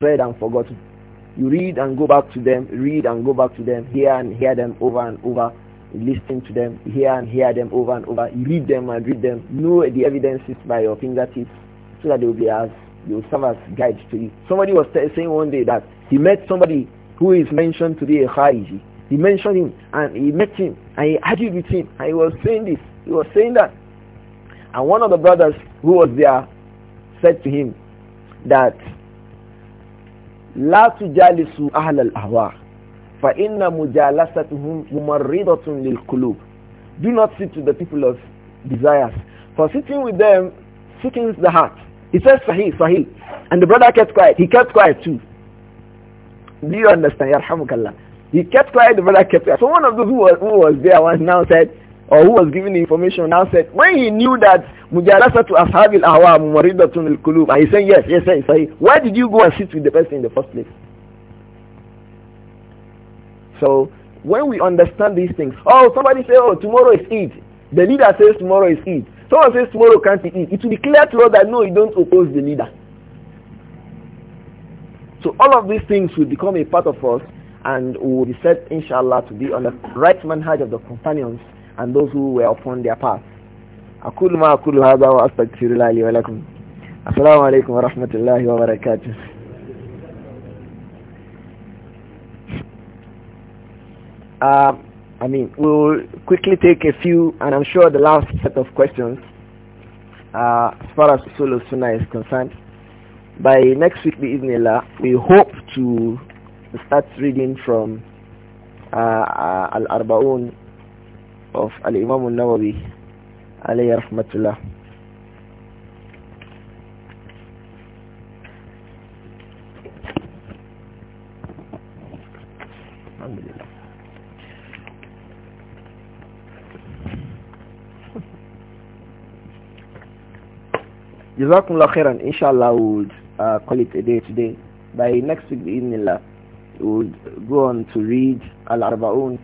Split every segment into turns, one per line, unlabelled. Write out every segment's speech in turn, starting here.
read and forgotten. You read and go back to them, read and go back to them, hear and hear them over and over, listen to them, hear and hear them over and over, read them and read them, know the evidences by your fingertips so that they will be as they will serve as guides to you. Somebody was saying one day that he met somebody who is mentioned to be a Khariji. He mentioned him and he met him and he argued with him and he was saying this, he was saying that. And one of the brothers who was there said to him that لا تجالسوا أهل الأهواء فإن مجالستهم ممرضة للقلوب Do not sit with the people of desires. For sitting with them sickens the heart. He says Sahih, Sahih. And the brother kept quiet. He kept quiet too. Do you understand? Yarhamukallah. He kept quiet, the brother kept quiet. So one of those who was, who was there once now said, or who was giving the information now said when he knew that mujalasatu ashabil ahwa muridatun al-qulub he said yes yes yes sahih why did you go and sit with the person in the first place so when we understand these things oh somebody say oh tomorrow is eid the leader says tomorrow is eid someone says tomorrow can't be eid it will be clear to us that no you don't oppose the leader so all of these things will become a part of us and will be said inshallah to be on the right manhaj of the companions and those who were upon their path أقول ما أقول هذا وأستغفر الله لي ولكم السلام عليكم ورحمة الله وبركاته uh, I mean, we'll quickly take a few, and I'm sure the last set of questions, uh, as far as Solo Sunnah is concerned. By next week, Bismillah, we hope to start reading from uh, uh Al-Arba'un of Al-Imam al-Nawawi alayhi rahmatullah. Jazakum Allah khairan. Inshallah, we would uh, call it a day today. By next week, we would go on to read Al-Arba'un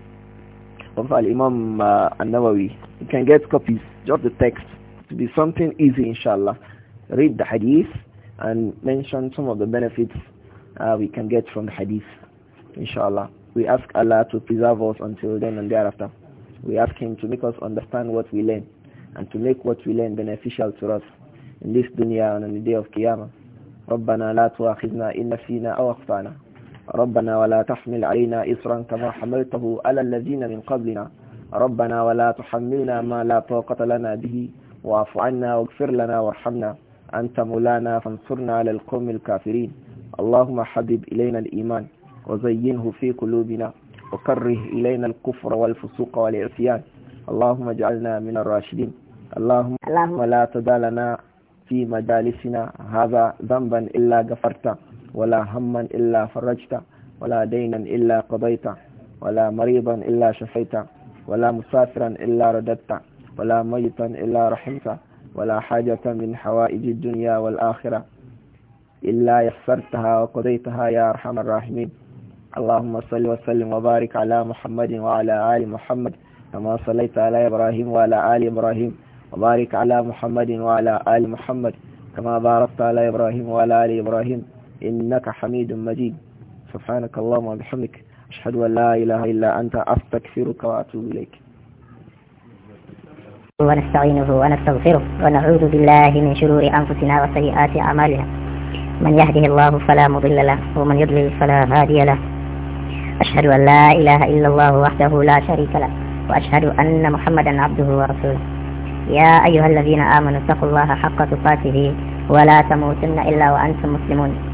of Al-Imam uh, An-Nawawi. You can get copies, just the text. To be something easy, inshallah. Read the hadith and mention some of the benefits uh, we can get from the hadith, inshallah. We ask Allah to preserve us until then and thereafter. We ask Him to make us understand what we learn and to make what we learn beneficial to us in this dunya and on the day of Qiyamah. ربنا لا تواخذنا إن نسينا أو أخطأنا ربنا ولا تحمل علينا إصرا كما حملته على الذين من قبلنا ربنا ولا تحملنا ما لا طاقة لنا به واعف عنا واغفر لنا وارحمنا أنت مولانا فانصرنا على القوم الكافرين اللهم حبب إلينا الإيمان وزينه في قلوبنا وكره إلينا الكفر والفسوق والعصيان اللهم اجعلنا من الراشدين اللهم, اللهم لا تدالنا لنا في مجالسنا هذا ذنبا إلا غفرته ولا هما إلا فرجت ولا دينا إلا قضيت ولا مريضا إلا شفيت ولا مسافرا إلا رددت ولا ميتا إلا رحمت ولا حاجة من حوائج الدنيا والآخرة إلا يسرتها وقضيتها يا أرحم الراحمين اللهم صل وسلم وبارك على محمد وعلى آل محمد كما صليت على إبراهيم وعلى آل إبراهيم وبارك على محمد وعلى آل محمد كما باركت على إبراهيم وعلى آل إبراهيم إنك حميد مجيد سبحانك اللهم وبحمدك أشهد أن لا إله إلا أنت أستغفرك وأتوب إليك
ونستعينه ونستغفره ونعوذ بالله من شرور أنفسنا وسيئات أعمالنا من يهده الله فلا مضل له ومن يضلل فلا هادي له أشهد أن لا إله إلا الله وحده لا شريك له وأشهد أن محمدا عبده ورسوله يا أيها الذين آمنوا اتقوا الله حق تقاته ولا تموتن إلا وأنتم مسلمون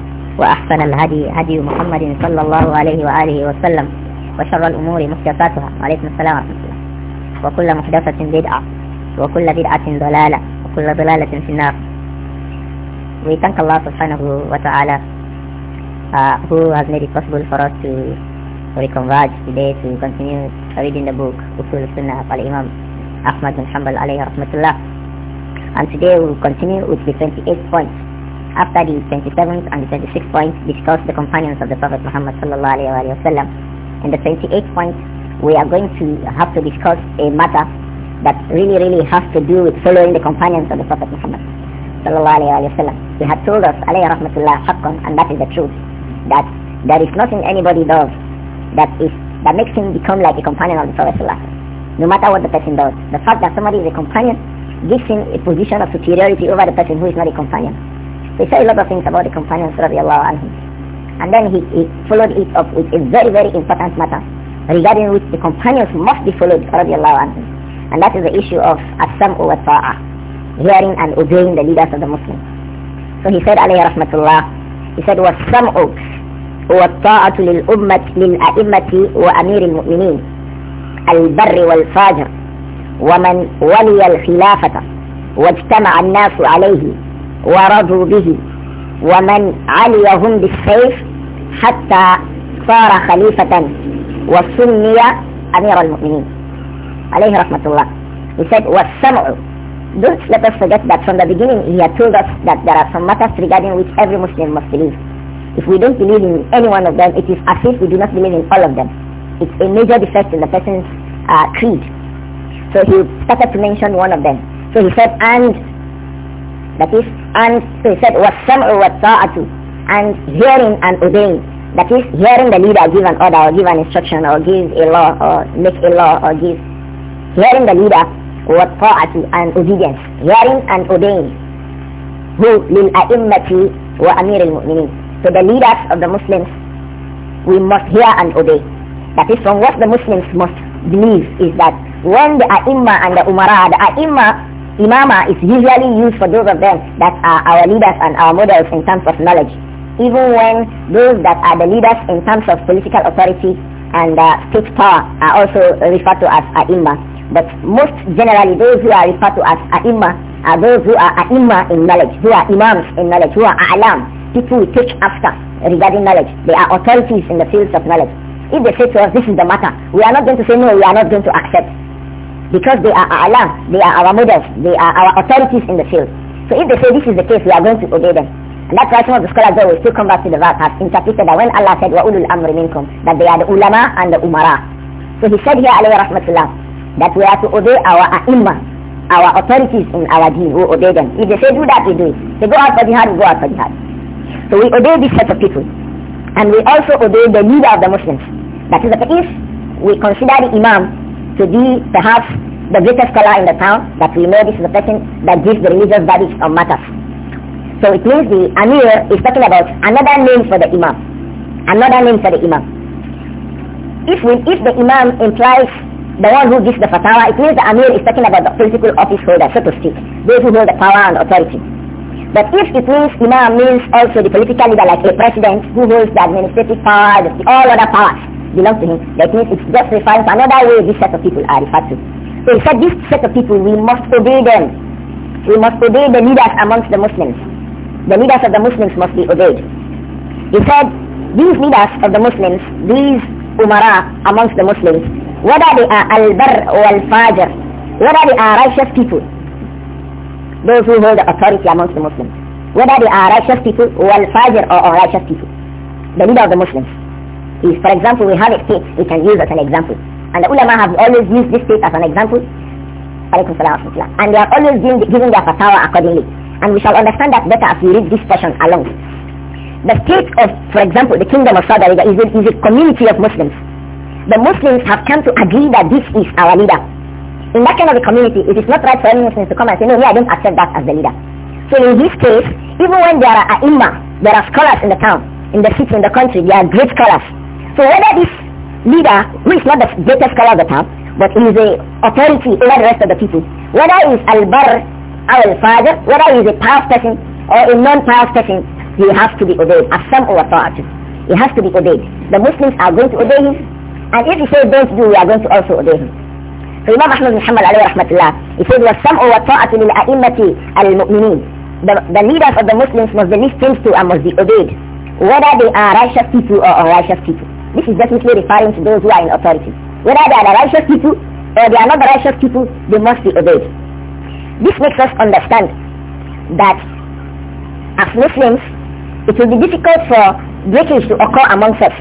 وأحسن الهدي هدي محمد صلى الله عليه وآله وسلم وشر الأمور محدثاتها وعليكم السلام ورحمة الله وكل محدثة بدعة وكل بدعة ضلالة وكل ضلالة في النار We thank Allah subhanahu wa ta'ala uh, who has made it possible for us to reconverge today to continue reading the book Usul Sunnah of Al-Imam Ahmad bin Hanbal alayhi rahmatullah and today we will continue with the 28th point After the 27th and the 26th point discuss the companions of the Prophet Muhammad sallallahu alaihi wasallam. In the 28th point, we are going to have to discuss a matter
that really, really has to do with following the companions of the Prophet Muhammad sallallahu alaihi wasallam. He had told us, alayhi rahmatullah haqqan, and that is the truth, that there is nothing anybody does that is that makes him become like a companion of the Prophet sallallahu No matter what the person does, the fact that somebody is a companion gives him a position of superiority over the person who is not a companion. He said a lot of things about the companions radiallahu anhum. And then he, he followed it up with a very, very important matter regarding which the companions must be followed radiallahu anhum. And that is the issue of as-sam'u wa ta'ah, hearing and obeying the leaders of the Muslims. So he said alayhi rahmatullah, he said was-sam'u wa ta'atu lil-ummat lil-a'immati wa amir al-mu'minin al-barr wal-fajr ومن ولي الخلافة واجتمع الناس عليه ورضوا به ومن عليهم بالسيف حتى صار خليفة وسمي أمير المؤمنين عليه رحمة الله he said والسمع don't let us forget that from the beginning he had told us that there are some matters regarding which every Muslim must believe if we don't believe in any one of them it is as if we do not believe in all of them it's a major defect in the person's uh, creed so he started to mention one of them so he said and that is, and so he said, وَالسَّمْعُ وَالطَّاعَةُ And hearing and obeying. That is, hearing the leader give an order or give an instruction or give a law or make a law or give. Hearing the leader, وَالطَّاعَةُ And obedience. Hearing and obeying. Who لِلْأَئِمَّةِ وَأَمِيرِ الْمُؤْمِنِينَ So the leaders of the Muslims, we must hear and obey. That is from what the Muslims must believe is that when the ai am and the Umara, the ai am Imama is usually used for those of them that are our leaders and our models in terms of knowledge, even when those that are the leaders in terms of political authority and uh, state power are also referred to as ai But most generally, those who are referred to as ai are those who are ai in knowledge, who are imams in knowledge, who are alam, people we teach after regarding knowledge. They are authorities in the fields of knowledge. If they say to us, this is the matter, we are not going to say, no, we are not going to accept because they are our alam, they are our models, they are our authorities in the field. So if they say this is the case, we are going to obey them. And that's why some of the scholars that will still come back to the verse has interpreted that when Allah said wa ulul amri minkum, that they are the ulama and the umara. So he said here alayhi rahmatullah that we are to obey our ai our authorities in our deen, we obey them. If they say do that, we do it. They go out for jihad, we go out for jihad. So we obey this set of people. And we also obey the leader of the Muslims. That is the case, we consider the imam to be perhaps the greatest scholar in the town, but we know this is the person that gives the religious verdicts on matters. So it means the Amir is talking about another name for the Imam. Another name for the Imam. If, we, if the Imam implies the one who gives the fatwa, it means the Amir is talking about the political office holder, so to speak, those who hold the power and authority. But if it means Imam means also the political leader like a president who holds the administrative power, all other powers, Belong to him. That means it's just referring to another way this set of people are referred to. So he said this set of people, we must obey them. We must obey the leaders amongst the Muslims. The leaders of the Muslims must be obeyed. He said these leaders of the Muslims, these umara amongst the Muslims, whether they are al-bar or al-fajr, whether they are righteous people, those who hold the authority amongst the Muslims, whether they are righteous people or al-fajr or unrighteous people, the leader of the Muslims is, for example, we have a state we can use as an example. And the ulama have always used this state as an example. And they are always giving, giving their fatwa accordingly. And we shall understand that better as we read this portion along. The state of, for example, the kingdom of Saudi Arabia is a, is a community of Muslims. The Muslims have come to agree that this is our leader. In that kind of a community, it is not right for any Muslims to come and say, no, we I don't accept that as the leader. So in this case, even when there are ai there are scholars in the town, in the city, in the country, there are great scholars. So whether this leader, who is not the greatest scholar of the time, but he is a authority over the rest of the people, whether he is al-bar al-fajr, whether he is a pious person or a non-pious person, he has to be obeyed. Asam or authority. He has to be obeyed. The Muslims are going to obey him, and if he says don't do, we are going to also obey him. So Imam Ahmad bin alayhi rahmatullah, he said, وَالسَّمْءُ وَالطَّاعَةُ لِلْأَئِمَّةِ الْمُؤْمِنِينَ the, the leaders of the Muslims must be listened to and must be obeyed, whether they are righteous people or unrighteous people. This is definitely referring to those who are in authority. Whether they are the righteous people or they are not the righteous people, they must be obeyed. This makes us understand that as Muslims, it will be difficult for breakage to occur amongst us.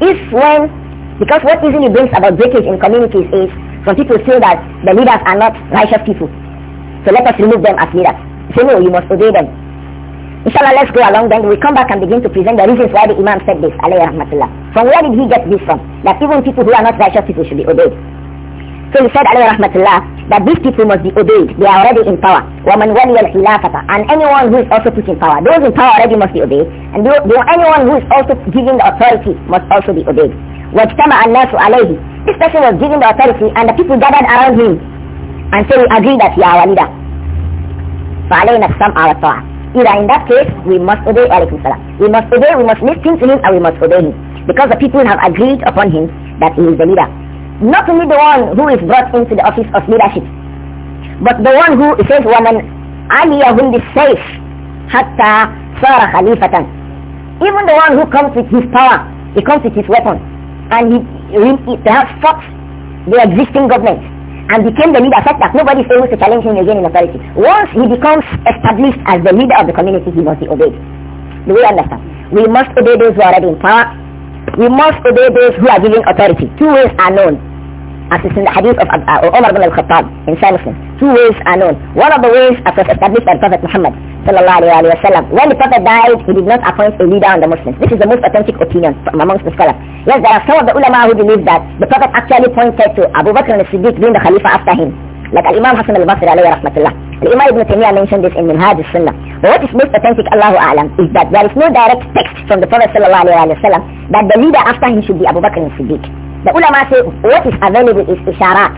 If when, because what usually brings about breakage in communities is some people say that the leaders are not righteous people. So let us remove them as leaders. Say no, you must obey them. Inshallah, let's go along then. We come back and begin to present the reasons why the Imam said this, alayhi rahmatullah. From where did he get this from? That even people who are not righteous people should be obeyed. So he said, alayhi rahmatullah, that these people must be obeyed. They are already in power. وَمَنْ وَلِيَ الْخِلَافَةَ And anyone who is also put in power. Those in power already must be obeyed. And anyone who is also given the authority must also be obeyed. وَاجْتَمَعَ النَّاسُ عَلَيْهِ This person was given the authority and the people gathered around him. And so we agree that he are our leader. فَعَلَيْنَا السَّمْعَ وَالطَّاعَةَ Either in that case, we must obey alayhi salam. We must obey, we must listen to him and we must obey him. Because the people have agreed upon him that he is the leader. Not only the one who is brought into the office of leadership, but the one who says, woman, aliyahum bis safe hatta sara khalifatan. Even the one who comes with his power, he comes with his weapon. And he, he perhaps fought the existing government and became the leader such that nobody is able to challenge him again in authority. Once he becomes established as the leader of the community, he must be obeyed. Do we understand? We must obey those who are already in power. We must obey those who are given authority. Two ways are known as is in the hadith of uh, Umar bin al-Khattab in Sahih Muslim. Two ways are known. One of the ways was established by Prophet Muhammad sallallahu alayhi wa When the Prophet died, he did not appoint a leader on the Muslims. This is the most authentic opinion from amongst the scholars. Yes, there are some of the ulama who believe that the Prophet actually pointed to Abu Bakr al-Siddiq being the Khalifa after him. Like Imam Hassan al-Basri alayhi rahmatullah. Imam Ibn Taymiyyah mentioned this in Minhaj al-Sunnah. But what is most authentic, Allahu A'lam, is that there is no direct text from the Prophet sallallahu alayhi wa that the leader after him should be Abu Bakr al-Siddiq. The ulama say what is available is isharat.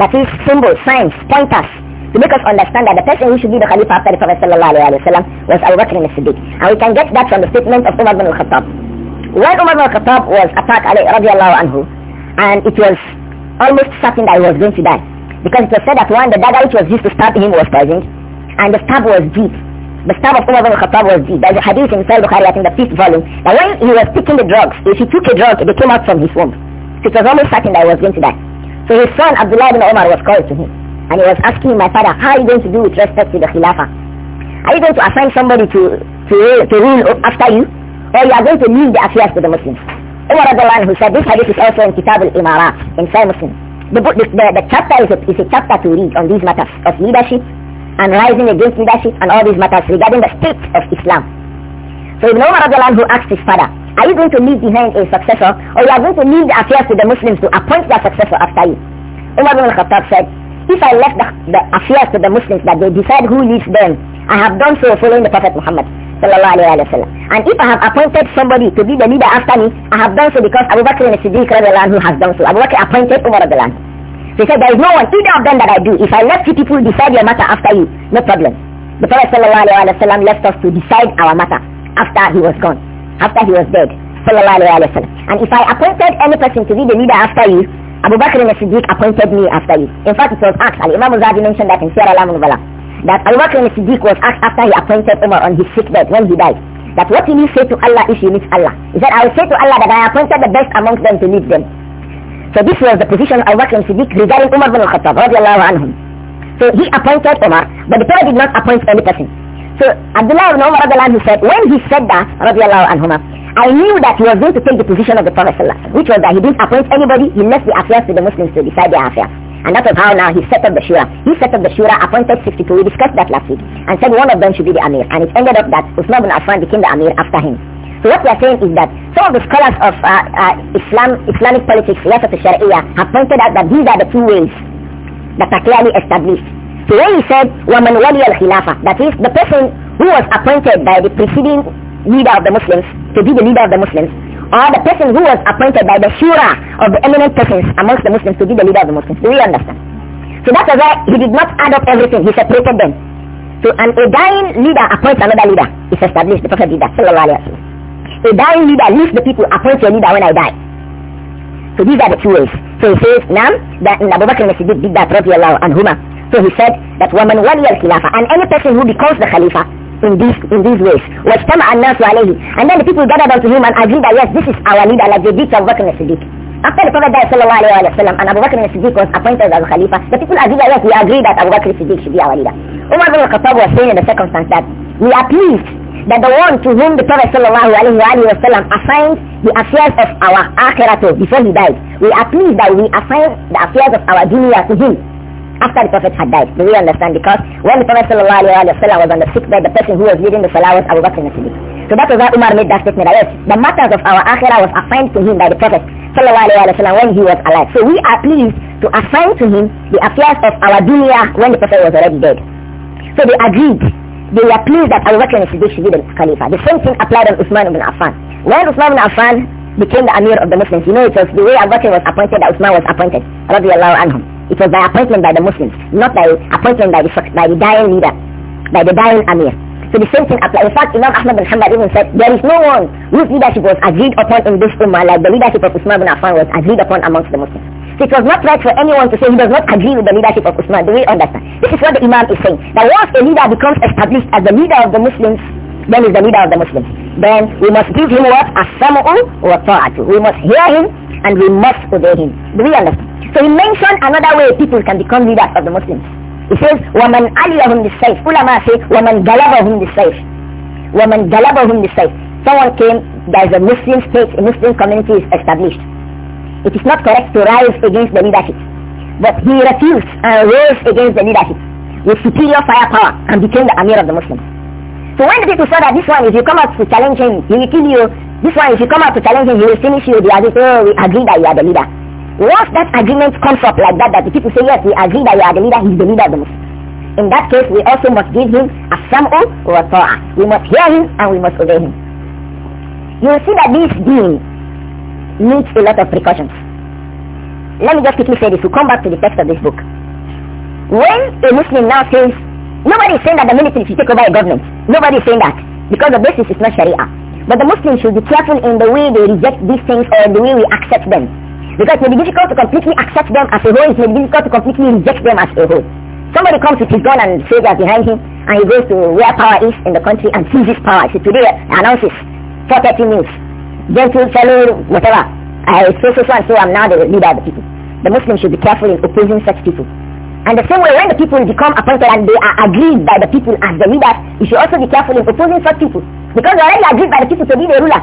That is symbols, signs, pointers to make us understand that the person who should be the Khalifa after the Prophet wasallam was Abu Bakr as-Siddiq. And we can get that from the statement of Umar bin al-Khattab. When Umar bin al-Khattab was attacked Ali radiallahu anhu, and it was almost certain that he was going to die. Because it was said that one, the dagger which was used to stab him was poisoned, and the stab was deep. The stab of Umar bin al-Khattab was deep. There's a hadith in Sahih Bukhari, I think the fifth volume, that when he was taking the drugs, if he took a drug, it came out from his womb. It was almost certain that I was going to die. So his son Abdullah ibn Umar was called to him and he was asking my father, how are you going to do with respect to the Khilafah? Are you going to assign somebody to, to, to rule after you? Or you are going to leave the affairs to the Muslims? Umar Abdullah who said this hadith is also in Kitab al in Sahih Muslim. The, book, the, the, the chapter is a, is a chapter to read on these matters of leadership and rising against leadership and all these matters regarding the state of Islam. So Ibn Umar Abdullah who asked his father, are you going to leave behind a successor or you are going to leave the affairs to the Muslims to appoint their successor after you? Umar ibn al-Khattab said, if I left the, the, affairs to the Muslims that they decide who leads them, I have done so following the Prophet Muhammad and if I have appointed somebody to be the leader after me, I have done so because Abu Bakr al-Siddiq who has done so. Abu Bakr appointed Umar the land he said, there is no one, either of them that I do. If I let you people decide your matter after you, no problem. The Prophet left us to decide our matter after he was gone after he was dead. And if I appointed any person to be the leader after you, Abu Bakr al-Siddiq appointed me after you. In fact, it was asked, Al-Imam Zabi mentioned that in Sierra al Bala, that Abu Bakr al-Siddiq was asked after he appointed Umar on his sickbed when he died, that what will you say to Allah if you meet Allah? He said, I will say to Allah that I appointed the best amongst them to lead them. So this was the position of Abu Bakr al-Siddiq regarding Umar bin al-Khattab, So he appointed Umar, but the Prophet did not appoint any person. So Abdullah ibn Umar he said, when he said that, I knew that he was going to take the position of the Prophet sallallahu which was that he didn't appoint anybody, he left the affairs to the Muslims to decide their affairs. And that was how now he set up the Shura. He set up the Shura, appointed 62. We discussed that last week. And said one of them should be the Amir. And it ended up that Usman bin Affan became the Amir after him. So what we are saying is that some of the scholars of uh, uh, Islam, Islamic politics, left of the Sharia, have pointed out that these are the two ways that are clearly established. So when he said, وَمَنْ al-Khilafah, الْخِلَافَ That is, the person who was appointed by the preceding leader of the Muslims to be the leader of the Muslims, or the person who was appointed by the shura of the eminent persons amongst the Muslims to be the leader of the Muslims. Do we understand? So that was why he did not add up everything. He separated them. So an a dying leader appoints another leader. It's established. The Prophet did that. A dying leader leaves the people, appoints a leader when I die. So these are the two ways. So he says, Nam, that Abu Bakr and Siddiq did that, and Huma. So he said that woman wali al khilafah and any person who becomes the khalifa in these in these ways was الناس عليه and then the people gathered unto him and agreed that yes this is our leader like they did to Abu Bakr siddiq After the Prophet died sallallahu alayhi wa sallam and Abu Bakr siddiq was appointed as Khalifa, the people agreed that yes we agree that Abu Bakr as-Siddiq should be our leader. Umar bin Khattab was saying in the circumstance that we are pleased that the one to whom the Prophet sallallahu alayhi wa sallam assigned the affairs of our akhirah before he died, we are pleased that we assign the affairs of our dunya to him after the Prophet had died. Do we understand? Because when the Prophet sallallahu alayhi wa was on the sick bed, the person who was leading the salah was Abu Bakr Siddiq. So that was why Umar made that statement that yes, the matters of our akhirah was assigned to him by the Prophet sallallahu alayhi wa when he was alive. So we are pleased to assign to him the affairs of our dunya when the Prophet was already dead. So they agreed. They were pleased that Abu Bakr Siddiq should be the Khalifa. The same thing applied on Usman ibn Affan. When Usman ibn Affan became the Amir of the Muslims, you know it was the way Abu Bakr was appointed that Usman was appointed. Radiallahu anhum. It was by appointment by the Muslims, not by appointment by the, by the dying leader, by the dying Amir. So the same thing applies. In fact, Imam Ahmad bin Hanbal even said, there is no one whose leadership was agreed upon in this Ummah like the leadership of Usman bin Affan was agreed upon amongst the Muslims. So it was not right for anyone to say he does not agree with the leadership of Usman. Do we understand? This is what the Imam is saying. That once a leader becomes established as the leader of the Muslims, then is the leader of the Muslims. Then we must give him what? As-samu'u wa ta'atu. We must hear him and we must obey him. Do we understand? So he mentioned another way people can become leaders of the Muslims. He says, وَمَنْ عَلِيَهُمْ بِالسَّيْفِ Ulama say, وَمَنْ غَلَبَهُمْ بِالسَّيْفِ وَمَنْ غَلَبَهُمْ بِالسَّيْفِ Someone came, there is a Muslim state, a Muslim community is established. It is not correct to rise against the leadership. But he refused and rose against the leadership with superior firepower and became the Amir of the Muslims. So when the people saw that this one, if you come out to challenge him, he will kill you. This one, if you come out to challenge him, he will finish you. They are just, oh, we agree that you are the leader. Once that agreement comes up like that, that the people say, yes, we agree that you are the leader, he's the leader of the Muslims. In that case, we also must give him a sam'u or a ta'a. We must hear him and we must obey him. You will see that this deen needs a lot of precautions. Let me just quickly say this. We'll come back to the text of this book. When a Muslim now says, nobody is saying that the military should take over a government. Nobody is saying that. Because the basis is not Sharia. But the Muslims should be careful in the way they reject these things or the way we accept them. Because it may be difficult to completely accept them as a whole, it may be difficult to completely reject them as a whole. Somebody comes with his gun and soldiers behind him, and he goes to where power is in the country and seizes power. So today announces 430 news. Gentle fellow, whatever. I so, so, so, and so, I'm now the leader of the people. The Muslims should be careful in opposing such people. And the same way, when the people become appointed and they are agreed by the people as the leaders, you should also be careful in opposing such people. Because they are already agreed by the people to be the ruler.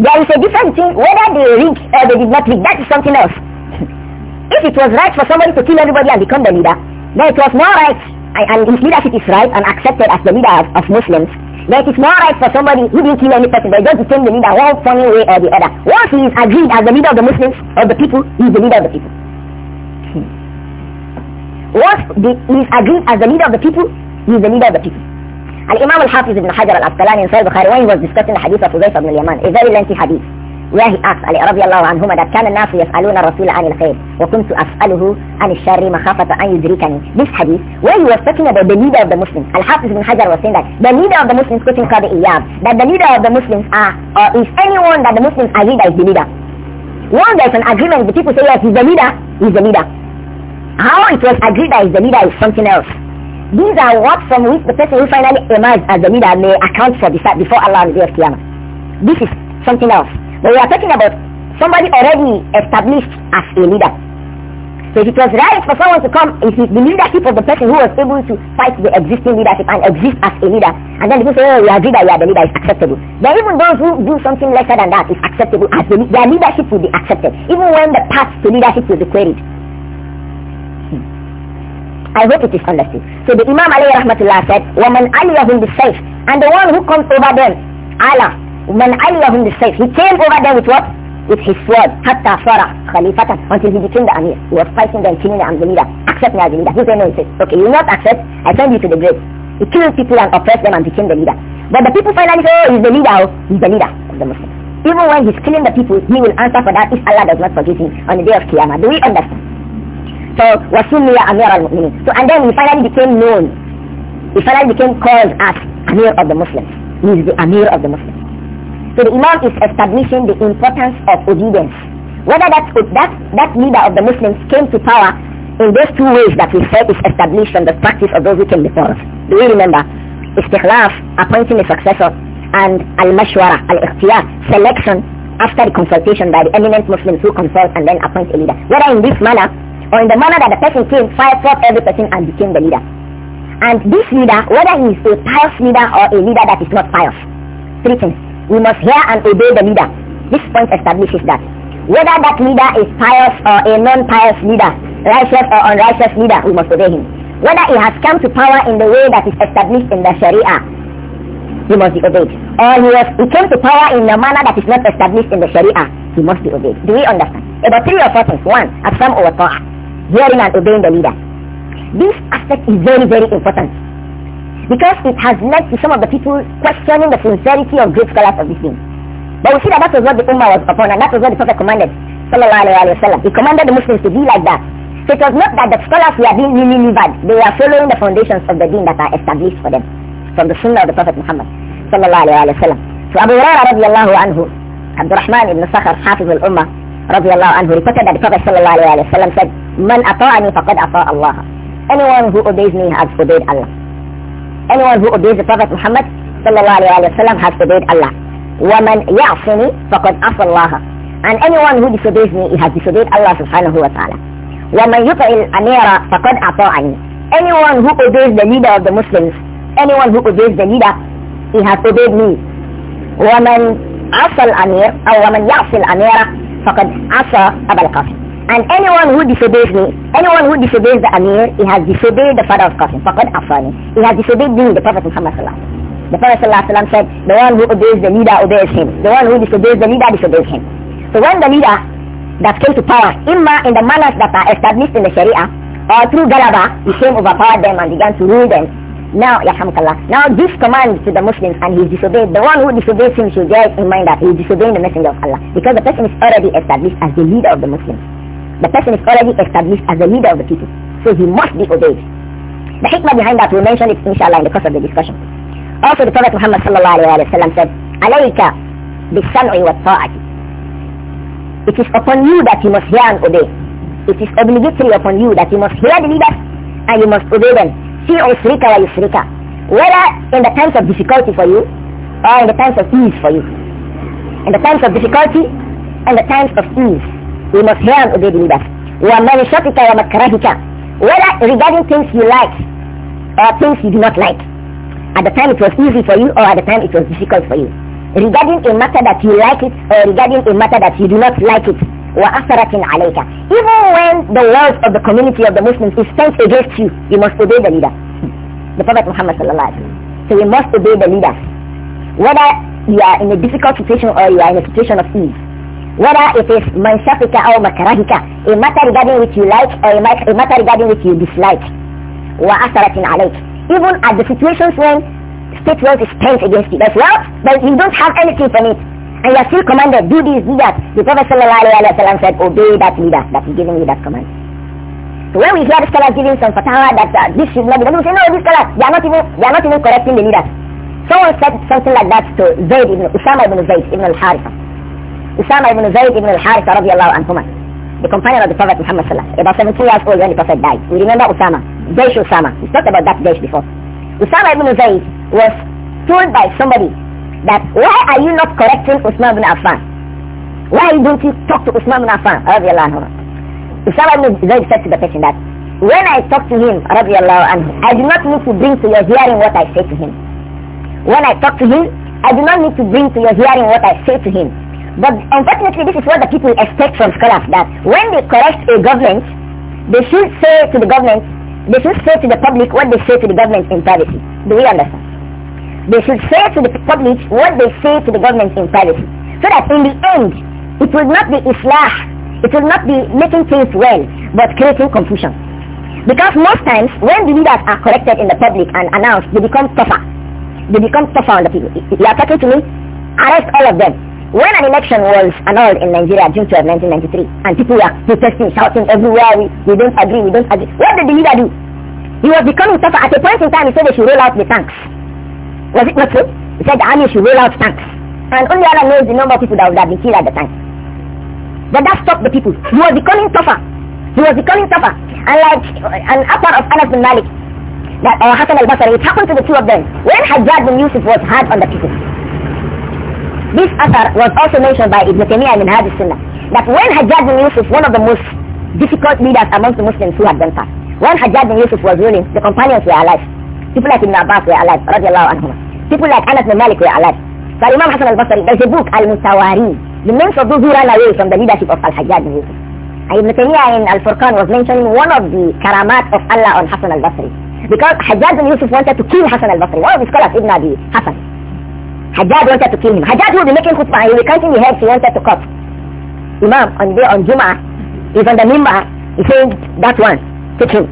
There is a difference between whether they read or uh, they did not read. That is something else. if it was right for somebody to kill everybody and become the leader, then it was more right, and his leadership is right and accepted as the leader of, of Muslims, then it's not right for somebody who didn't kill any person, but just became the leader one funny way or the other. Once he is agreed as the leader of the Muslims of the people, he is the leader of the people. Once he is agreed as the leader of the people, he is the leader of the people. الإمام الحافظ ابن حجر الأسقلاني صاحب البخاري وين واز ديسكشن حديث حذيفه بن اليمان اذا انت حديث وهي اكس علي رضي الله عنهما ده كان الناس يسالون الرسول عن الخير وكنت اساله عن الشر مخافه ان يدركني بس حديث وهي وصفنا ده بنيده ده مسلم الحافظ ابن حجر وصفنا ده بنيده ده مسلم كتب قاضي اياب ده بنيده ده مسلم اه او اف اني ون ده مسلم اجيد از بنيده وان ذا ان اجريمنت بيبل سي يا في بنيده هاو ات واز اجريد از بنيده از سمثينج else These are what from which the person who finally emerges as the leader may account for before Allah the day of Qiyamah. This is something else. But we are talking about somebody already established as a leader. So if it was right for someone to come, if it's the leadership of the person who was able to fight the existing leadership and exist as a leader, and then people say, oh, we are leader, we are the leader, it's acceptable. Then even those who do something lesser than that is acceptable as the, their leadership will be accepted, even when the path to leadership will be queried. I hope it is understood. So the Imam Ali Rahmatullah said, وَمَنْ عَلِيَهُمْ بِالسَّيْفِ And the one who comes over them, Allah, وَمَنْ عَلِيَهُمْ بِالسَّيْفِ He came over them with what? With his sword, حتى صار خليفة until he became the Amir. He was fighting them, killing them, the leader. Accept me as the leader. He said no, he said, okay, you will not accept, I send you to the grave. He killed people and oppressed them and became the leader. But the people finally say, oh, he's the leader, oh, he's the leader of the Muslims. Even when he's killing the people, he will answer for that if Allah does not forgive him on the day of Qiyamah. Do we understand? So Wasulliya Amir al-Mu'minin. So and then he finally became known. He finally became called as Amir of the Muslims. He is the Amir of the Muslims. So the Imam is establishing the importance of obedience. Whether that, that, that leader of the Muslims came to power in those two ways that we said is established from the practice of those who came before us. Do you remember? Istikhlaf, appointing a successor, and al-mashwara, al-ikhtiyar, selection after the consultation by the eminent Muslims who consult and then appoint a leader. Whether in this manner or in the manner that the person came, fire fought every person and became the leader. And this leader, whether he is a pious leader or a leader that is not pious, three things. We must hear and obey the leader. This point establishes that. Whether that leader is pious or a non-pious leader, righteous or unrighteous leader, we must obey him. Whether he has come to power in the way that is established in the Sharia, he must be obeyed. Or he, was, he came to power in a manner that is not established in the Sharia, he must be obeyed. Do we understand? About three or four things. One, Asam or Ta'a hearing and obeying the leader. This aspect is very, very important because it has led to some of the people questioning the sincerity of great scholars of this deen. But we see that that was what the Ummah was upon and that was what the Prophet commanded. He commanded the Muslims to be like that. So it was not that the scholars were being really delivered. They were following the foundations of the deen that are established for them from the sunnah of the Prophet Muhammad. So Abu Hurairah radiallahu anhu, Abdurrahman ibn Sakhar, Hafiz al-Ummah, رضي الله عنه reported that the Prophet صلى الله عليه وسلم said من أطاعني فقد أطاع الله anyone who obeys me has obeyed Allah anyone who obeys the Prophet Muhammad صلى الله عليه وسلم has obeyed Allah ومن يعصني فقد عصى الله and anyone who disobeys me he has disobeyed Allah سبحانه وتعالى ومن يطع الأمير فقد أطاعني anyone who obeys the leader of the Muslims anyone who obeys the leader he has obeyed me ومن عصى الأمير أو ومن يعصي الأميرة فقد عصى أبا القاسم and anyone who disobeys me, anyone who disobeys the Amir, he has disobeyed the father of Qasim, فقد عصاني. He has disobeyed me, the Prophet Muhammad sallallahu alaihi wasallam. The Prophet sallallahu alaihi wasallam said, the one who obeys the leader obeys him. The one who disobeys the leader disobeys him. So when the leader that came to power, i in the manners that are established in the Sharia, or through Galaba, he came overpowered them and began to rule them. Now, yahamukallah. now this command to the Muslims and he disobeyed, the one who disobeys him should bear in mind that he is disobeying the messenger of Allah. Because the person is already established as the leader of the Muslims. The person is already established as the leader of the people. So he must be obeyed. The hikmah behind that, we'll mention it inshallah in the course of the discussion. Also the Prophet Muhammad sallallahu alayhi wa sallam said, عَلَيْكَ بِالسَّمْعِ وَالطَّاعَةِ It is upon you that you must hear and obey. It is obligatory upon you that you must hear the leaders and you must obey them في عسرك ويسرك whether in the times of difficulty for you or in the times of ease for you in the times of difficulty and the times of ease we must hear and obey the leaders whether regarding things you like or things you do not like at the time it was easy for you or at the time it was difficult for you regarding a matter that you like it or regarding a matter that you do not like it وأثرة عليك even when the wealth of the community of the Muslims is sent against you you must obey the leader the Prophet Muhammad sallallahu alaihi wasallam so we must obey the leaders whether you are in a difficult situation or you are in a situation of ease whether it is manshafika or makarahika a matter regarding which you like or a matter regarding which you dislike وأثرة عليك even at the situations when state wealth is spent against you as well, but you don't have anything from it and you are still commanded, do this, do that. The Prophet ﷺ said, obey that leader that is giving you that command. So when we hear the scholars giving some fatwa that uh, this should not be done, we say, no, these scholars, they are not even, they are not even correcting the leaders. Someone said something like that to Zayd ibn, Usama ibn Zayd ibn al-Haritha. Usama ibn Zayd ibn al-Haritha radiallahu anhumah. The companion of the Prophet Muhammad sallallahu about 17 years old when the Prophet died. We remember Usama, Jaysh Usama. We talked about that Jaysh before. Usama ibn Zayd was told by somebody that why are you not correcting Usman bin Affan? Why don't you talk to Usman bin Affan? Usman bin Zayd said to the person that when I talk to him, anhu, I do not need to bring to your hearing what I say to him. When I talk to him, I do not need to bring to your hearing what I say to him. But unfortunately, this is what the people expect from scholars, that when they correct a government, they should say to the government, they should say to the public what they say to the government in privacy. Do we understand? They should say to the public what they say to the government in privacy. So that in the end, it will not be islah, it will not be making things well, but creating confusion. Because most times, when the leaders are corrected in the public and announced, they become tougher. They become tougher on the people. You are talking to me? Arrest all of them. When an election was annulled in Nigeria, June 12, 1993, and people were protesting, shouting everywhere, we, we don't agree, we don't agree. What did the leader do? He was becoming tougher. At a point in time, he said they should roll out the tanks. Was it not true? He said the army should roll out tanks. And only Allah knows the number of people that would have been killed at the time. But that stopped the people. He was becoming tougher. He was becoming tougher. And like an upper of Anas bin Malik, that, or uh, Hassan al-Basri, it happened to the two of them. When Hajjaj bin Yusuf was hard on the people, this Asar was also mentioned by Ibn Taymiyyah and Hadith Sunnah, that when Hajjaj bin Yusuf, one of the most difficult leaders amongst the Muslims who had been passed. when Hajjaj bin Yusuf was ruling, the companions were alive. people like Ibn Abbas were alive رضي الله عنهما people like Anas bin Malik were alive Hassan al-Basri there's a book Al-Mutawari the names of those who ran away from the leadership of Al-Hajjaj bin Yusuf Ibn Taymiyyah in Al-Furqan was mentioning one of the karamat of Allah on Hassan al-Basri because Hajjaj bin Yusuf wanted to kill Hassan al-Basri one of his scholars Ibn Abi Hassan Hajjaj wanted to kill him Hajjaj will be making khutbah he will be counting the heads he wanted to cut Imam on the day on Jum'ah he's on the mimbar he's saying that one take him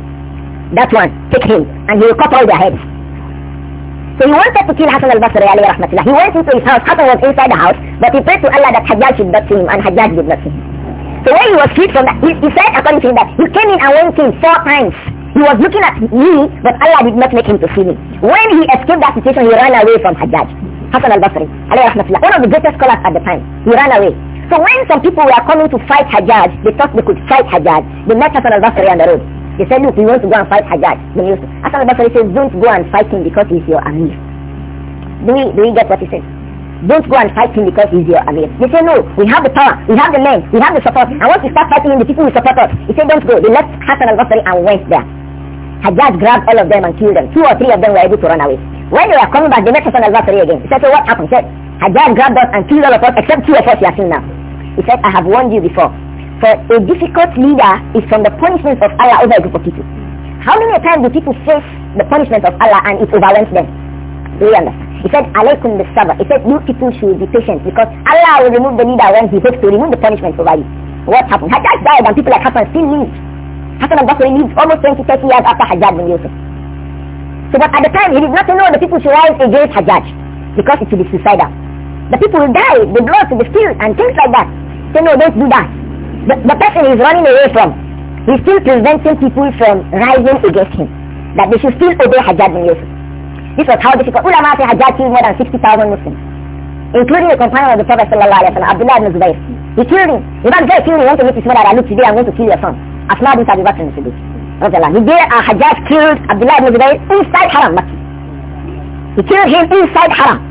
that one, take him, and he will cut all their heads. So he wanted to kill Hassan al-Basri alayhi rahmatullah. He went into his house, Hassan was inside the house, but he prayed to Allah that Hajjaj should not see him, and Hajjaj did not see him. So when he was freed from that, he, he said according to him that he came in and went in four times. He was looking at me, but Allah did not make him to see me. When he escaped that situation, he ran away from Hajjaj. Hassan al-Basri, one of the greatest scholars at the time. He ran away. So when some people were coming to fight Hajjaj, they thought they could fight Hajjaj. They met Hassan al-Basri on the road. They said, look, we want to go and fight Hajjaj. Then he Hassan al-Basri says, don't go and fight him because he's your Amir. Do we, do we get what he said? Don't go and fight him because he's your Amir. They say, no, we have the power, we have the men, we have the support. And once we start fighting him, the people will support us. He said, don't go. They left Hassan al-Basri and went there. Hajjaj grabbed all of them and killed them. Two or three of them were able to run away. When they were coming back, they met Hassan al-Basri again. He said, so what happened? He said, Hajjaj grabbed us and killed all of us except two of us you are seeing now. He said, I have warned you before for a difficult leader is from the punishment of Allah over a group of people. How many times do people face the punishment of Allah and it overwhelms them? Do you understand? He said, Alaykum Sabah. He said, you people should be patient because Allah will remove the leader when he hopes to remove the punishment over you. What happened? Hajjaj died and people like Hassan still live. Hassan al-Basri lived almost 20, 30 years after Hajjaj bin Yusuf. So but at the time he did not know the people should rise against Hajjaj because it should be suicidal. The people will die, the blood will be spilled and things like that. So no, don't do that the, person is running away from, he's still preventing people from rising against him. That they should still obey Hajjaj bin Yusuf. This was how difficult. Ulama say Hajjaj killed more than 60,000 Muslims, including the companion of the Prophet Sallallahu Alaihi Wasallam, Abdullah ibn Zubayr. He killed him. If I'm going to kill him, he went to meet his mother, I look today, I'm going to kill your son. Asma bint Abu Bakr Siddiq. The day uh, Hajjaj killed Abdullah ibn Zubayr inside Haram, Maki. He killed him inside Haram,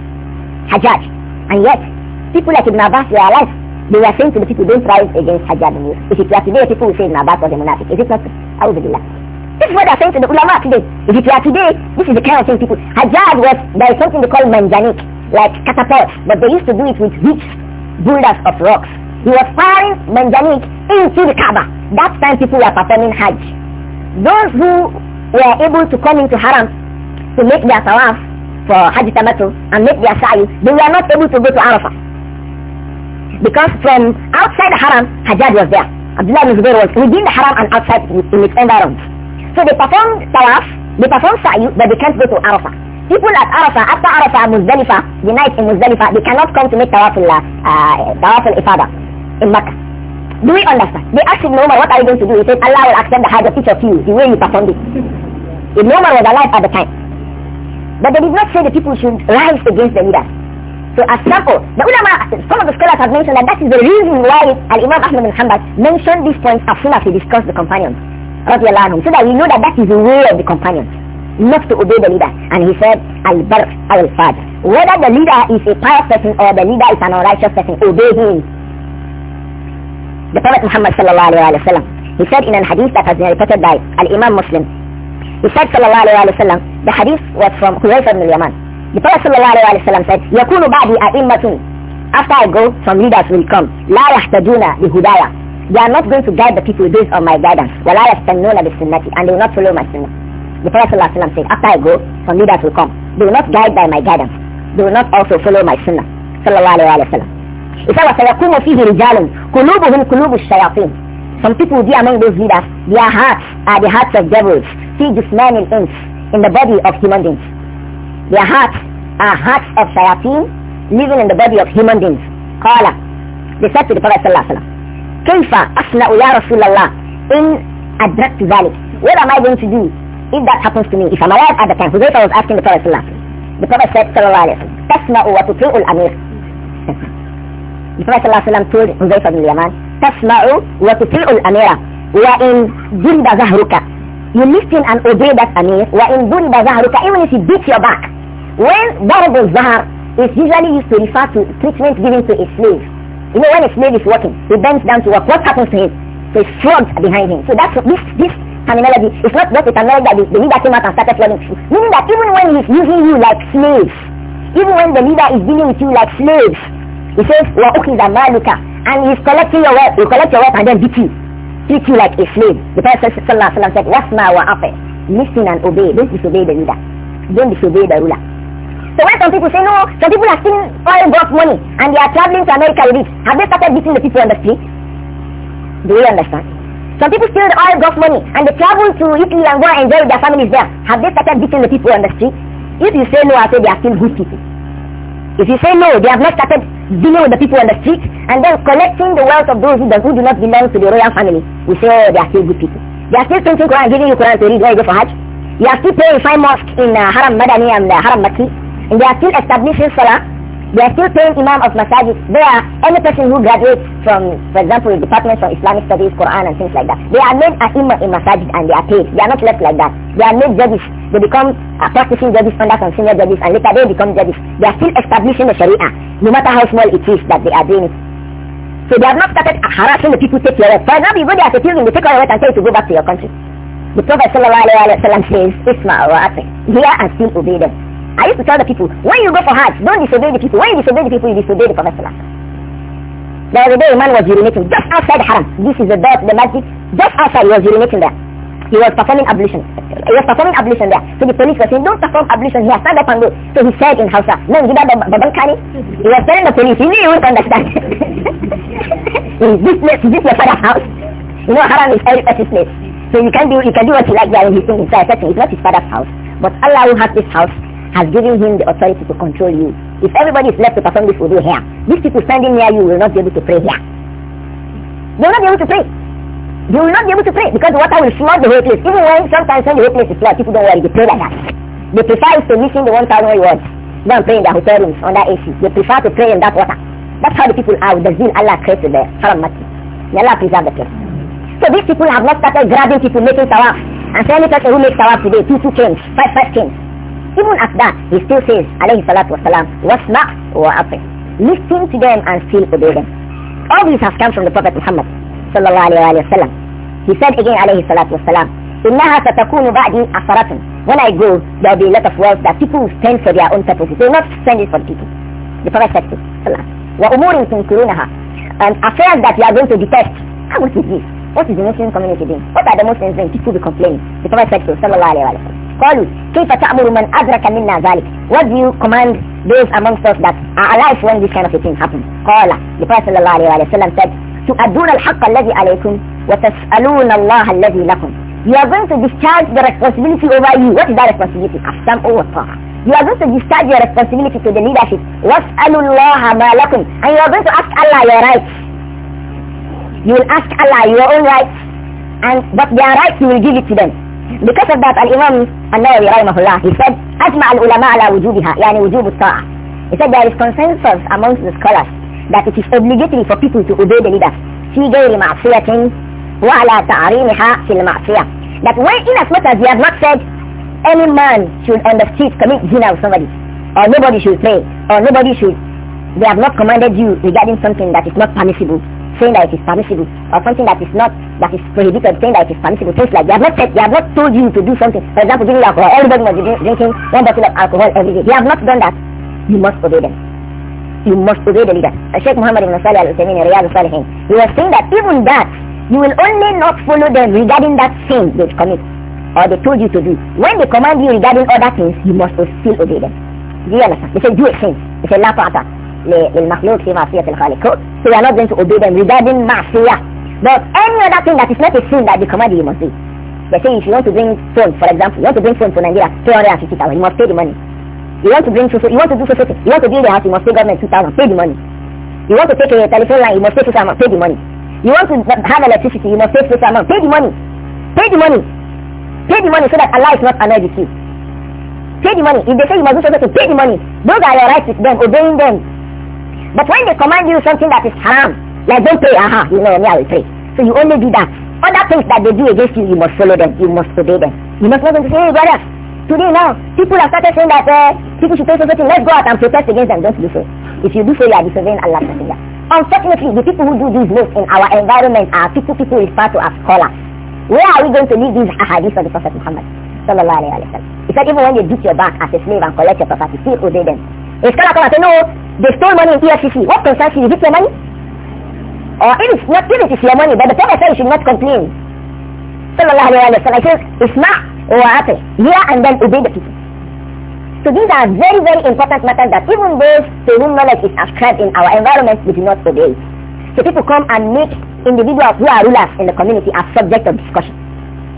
Hajjaj. And yet, people like Ibn Abbas are alive. They were saying to the people, don't rise against Hajjaj and Yusuf. If it were today, people will say Nabat was a monarchic. Is it not? Alhamdulillah. This is what they're saying to the ulama today. If it were today, this is the kind of thing people... Hajjaj was, there is something they call manjanik, like catapult, but they used to do it with huge boulders of rocks. He was firing manjanik into the Kaaba. That time people were performing Hajj. Those who were able to come into Haram to make their tawaf for Hajj Tabatul and make their sa'i, they were not able to go to Arafah. Because from outside the Haram, Hajjaj was there. Abdullah ibn Zubair was within the Haram and outside in its environs. So they performed Tawaf, they performed Sa'yu, but they can't go to Arafah. People at Arafah, after Arafah, Muzdalifah, the night in Muzdalifah, they cannot come to make Tawaf uh, uh, al-Ifada in Makkah. Do we understand? They asked Ibn Umar, what are you going to do? He said, Allah will accept the Hajj of each of you, the way you performed it. Ibn Umar was alive at the time. But they did not say the people should rise against the leaders. So as example, the ulama, some of the scholars have mentioned that that is the reason why Al-Imam Ahmad bin Hanbal mentioned these points as soon as he discussed the companions. so that we know that that is the way of the companions, not to obey the leader. And he said, Al-Bar al-Fad. Whether the leader is a pious person or the leader is an unrighteous person, obey him. The Prophet Muhammad sallallahu alayhi wa sallam, he said in an hadith that has been reported by Al-Imam Muslim, he said sallallahu alayhi wa sallam, the hadith was from Hurayfa ibn al-Yaman. The Prophet ﷺ said, يَكُونُ بَعْدِ أَئِمَّةٌ After I go, some leaders will come. لَا يَحْتَدُونَ بِهُدَايَ They are not going to guide the people based on my guidance. وَلَا يَسْتَنُّونَ بِسُنَّتِ And they will not follow my sunnah. The Prophet ﷺ said, after I go, some leaders will come. They will not guide by my guidance. They will not also follow my sunnah. Sallallahu alayhi wa sallam. He said, فِيهِ رِجَالٌ قُلُوبُهُم قُلُوبُ الشَّيَاطِينِ some people will be among those leaders. Their hearts are the hearts of devils. See this man in ins, in the body of human beings. Their hearts are hearts of shayateen living in the body of human beings. Qala. They said to the Prophet sallallahu alaihi wasallam, كيف أصنع يا رسول الله إن أدركت What am I going to do if that happens to me? If I'm alive at the time, Huzaifa was asking the Prophet sallallahu alaihi wasallam. The Prophet said sallallahu alaihi wa تسمع وتطيع الأمير. The Prophet sallallahu alaihi wa told Huzaifa bin Yaman, تسمع وتطيع in وإن جلد ظهرك. You listen and obey that Amir. in ضرب ظهرك even if he beats your back. When Darabul Zahar is usually used to refer to treatment given to a slave. You know when a slave is walking, he bends down to work. What happens to him? So he's flogged behind him. So that's this this terminology is not just a terminology that the, the leader came out and started flogging. Meaning that even when he's using you like slaves, even when the leader is dealing with you like slaves, he says, at maluka. And he's collecting your wealth, he collect your wealth and then beat you. Treat you like a slave. The Prophet said, Wasma wa afe. Listen and obey. Don't disobey the leader. Don't disobey the ruler. So when some people say, no, some people are stealing oil got money and they are traveling to America with it, have they started beating the people on the street? Do you understand? Some people steal the oil got money and they travel to Italy and go and enjoy their families there. Have they started beating the people on the street? If you say no, I say they are still good people. If you say no, they have not started dealing with the people on the street and then collecting the wealth of those who, who do not belong to the royal family. We say, oh, they are still good people. They are still printing Quran, giving you Quran to read when you go for Hajj. You are still paying five mosques in uh, Haram Madani and uh, Haram Maki and they are still establishing salah, they are still paying imam of masajid. They are any person who graduates from, for example, departments from Islamic studies, Quran and things like that. They are made imam in masajid and they are paid. They are not left like that. They are made judges. They become uh, practicing judges under some senior judges and later they become judges. They are still establishing the sharia, no matter how small it is that they are doing it. So they have not started harassing the people to take your wealth. For example, you go there as a pilgrim, they take your wealth and tell you to go back to your country. The Prophet ﷺ says, Isma or Here and still obey them. I used to tell the people, when you go for Hajj, don't disobey the people. When you disobey the people, you disobey the Prophet There was a day a man was urinating just outside the Haram. This is the door to the masjid. Just outside he was urinating there. He was performing ablution. He was performing ablution there. So the police was saying, don't perform ablution here. Stand up and go. So he said in Hausa, no, you got Babankari. He was telling the police, he knew you wouldn't understand. In this place, is this your father's house? You know, Haram is every person's place. So you can do, you can do what you like there in his, inside. It's not his father's house. But Allah will have this house has given him the authority to control you. If everybody is left to perform this wudu here, these people standing near you will not be able to pray here. They will not be able to pray. They will not be able to pray because the water will flood the whole place. Even when sometimes when the whole place is flooded, people don't worry, they pray like that. They prefer to listen the 1,000 words than pray in their hotel rooms on that AC. They prefer to pray in that water. That's how the people are with the zeal Allah praise with the haram May Allah preserve the place. So these people have not started grabbing people making tawaf. And so any person who makes tawaf today, two, two kings, five, five kings. Even at that, he still says, alayhi salatu wasalam, wasma' wa ati. Listen to them and still obey them. All these have come from the Prophet Muhammad sallallahu alayhi wa sallam. He said again, alayhi salatu wasalam, إنها ستكون بعدي أثرة When I go, there will be a lot of wealth that people will spend for their own purposes. They will not spend it for the people. The Prophet said this. وأمور تنكرونها And affairs that you are going to detest. Ah, what is this? What is the Muslim community doing? What are the Muslims doing? People will be complaining. The Prophet said so, sallallahu alayhi wa sallam. قالوا كيف تأمر من أدرك منا ذلك what do you command those amongst us that are alive when this kind of a thing happens قال the Prophet صلى الله عليه وسلم said تؤدون الحق الذي عليكم وتسألون الله الذي لكم you are going to discharge the responsibility over you what is that responsibility أحسن أو الطاعة you are going to discharge your responsibility to the leadership واسألوا الله ما لكم and you are going to ask Allah your rights you will ask Allah your own rights and but their rights you will give it to them because of that al-Imam al-Nawawi rahimahullah he said أجمع العلماء على وجوبها يعني وجوب الطاعة he said there is consensus amongst the scholars that it is obligatory for people to obey the leader في غير معصية وعلى تعريمها في المعصية that when in as much as we have not said any man should on the street commit zina with somebody or nobody should pray or nobody should they have not commanded you regarding something that is not permissible saying that it is permissible or something that is not that is prohibited saying that it is permissible things like they have not said they have not told you to do something for example drinking alcohol everybody must be drinking one bottle of alcohol every day they have not done that you must obey them you must obey the leader Sheikh Muhammad ibn Salih al-Uthaymeen Riyadh al-Salihin he was saying that even that you will only not follow them regarding that sin they commit or they told you to do when they command you regarding other things you must still obey them do you understand they say do a sin they say la that. للمخلوق في معصية الخالق so we are not going to obey them regarding معصية but any other thing that is not a sin that the command you must do they say if you want to bring phone for example you want to bring phone to Nigeria 250,000 you must pay the money you want to bring so you want to do so you want to build a house you must pay government 2,000 pay the money you want to take a telephone line you must pay 2,000 pay the money you want to have electricity you must pay 2,000 pay the money pay the money pay the money so that Allah is not annoyed with you pay the money if they say you must do something pay the money those are your rights with them obeying them but when they command you something that is haram, like don't pray, aha, you know, me, I will pray. So you only do that. Other things that they do against you, you must follow them. You must obey them. You must not to say, hey, brother, today now, people have started saying that uh, people should pray for something. Let's go out and protest against them. Don't do so. If you do so, you are disobeying Allah. Unfortunately, the people who do these most in our environment are people people refer to as scholars. Where are we going to leave these ahadith of the Prophet Muhammad? Sallallahu alayhi He said even when they beat your back as a slave and collect your property, still obey them. Iskara Kala say, no, they stole money in EFCC. What concerns you? Is it your money? Or if it's not, if it is your money, but the Prophet said you should not complain. Sallallahu alayhi wa sallam. say, it's not what happened. Hear and then obey the people. So these are very, very important matters that even those to whom knowledge is ascribed in our environment, we do not obey. So people come and make individuals who are rulers in the community a subject of discussion.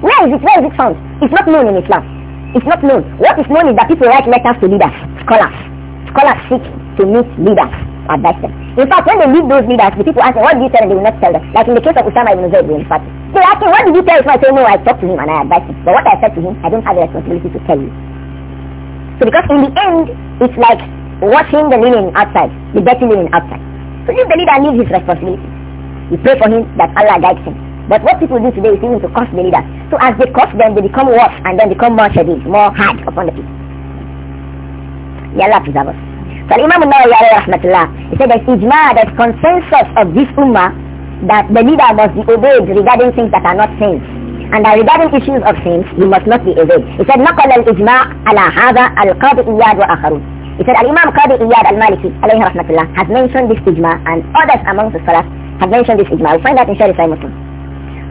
Where is it? Where is it found? It's not known in Islam. It's not known. What is known is that people write letters to leaders, scholars, Scholars seek to meet leaders advise them. In fact, when they meet those leaders, the people ask them, what did you tell them? They will not tell them. Like in the case of Usama ibn Zayd, in fact. They ask him, what did you tell him?" I say, no, I talked to him and I advised him. But what I said to him, I don't have the responsibility to tell you. So because in the end, it's like watching the linen outside, the dirty linen outside. So if the leader needs his responsibility, you pray for him that Allah guides him. But what people do today is even to curse the leader. So as they curse them, they become worse and then become more shadid, more hard upon the people. Allah preserve So Imam Nawawi rahmatullah, he said there's ijma, there's consensus of this ummah that the leader must be obeyed regarding things that are not sins. And that regarding issues of sins, he must not be obeyed. He said, نقل الإجماع على هذا القاضي إياد وآخرون. He said, Al-Imam Qadi Iyad al-Maliki, alayhi rahmatullah, has mentioned this ijma and others amongst the scholars have mentioned this ijma. We find that in Shari Muslim.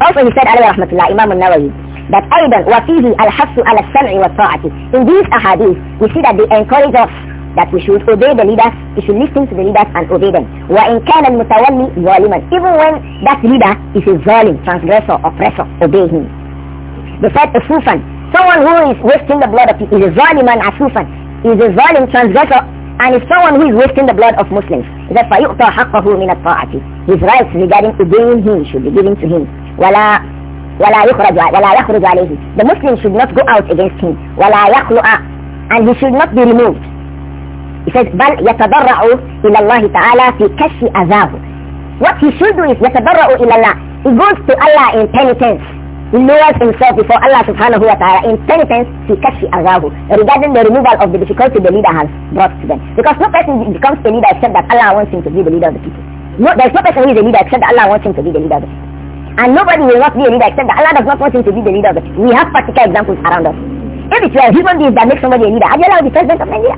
Also he said, alayhi rahmatullah, Imam al-Nawawi, but أيضا وفيه الحث على السمع والطاعة. In these ahadith, we see that they encourage us that we should obey the leaders, we should listen to the leaders and obey them. وإن كان المتولي ظالما. Even when that leader is a zalim, transgressor, oppressor, obey him. Besides a sufan, someone who is wasting the blood of people is a zaliman a sufan, is a zalim transgressor and is someone who is wasting the blood of Muslims. He says, فَيُؤْتَى حَقَّهُ مِنَ الطَّاعَةِ His rights regarding obeying him should be given to him. وَلَا ولا يخرج ولا يخرج عليه the Muslim should not go out against him ولا and he should not be removed he says بل يتضرع إلى الله تعالى في كشف what he should do is يتضرع إلى الله he goes to Allah in penitence he lowers himself before Allah subhanahu wa ta'ala in penitence في كشف أذاه regarding the removal of the difficulty the leader has brought to them because no person becomes a leader except that Allah wants him to be the leader of the people no, there's no person who is a leader except Allah wants him to be the leader of the people and nobody will not be a leader except that Allah does not want him to be the leader of it. We have practical examples around us. If it's a human being that makes somebody a leader, Abdullah will be president of Nigeria.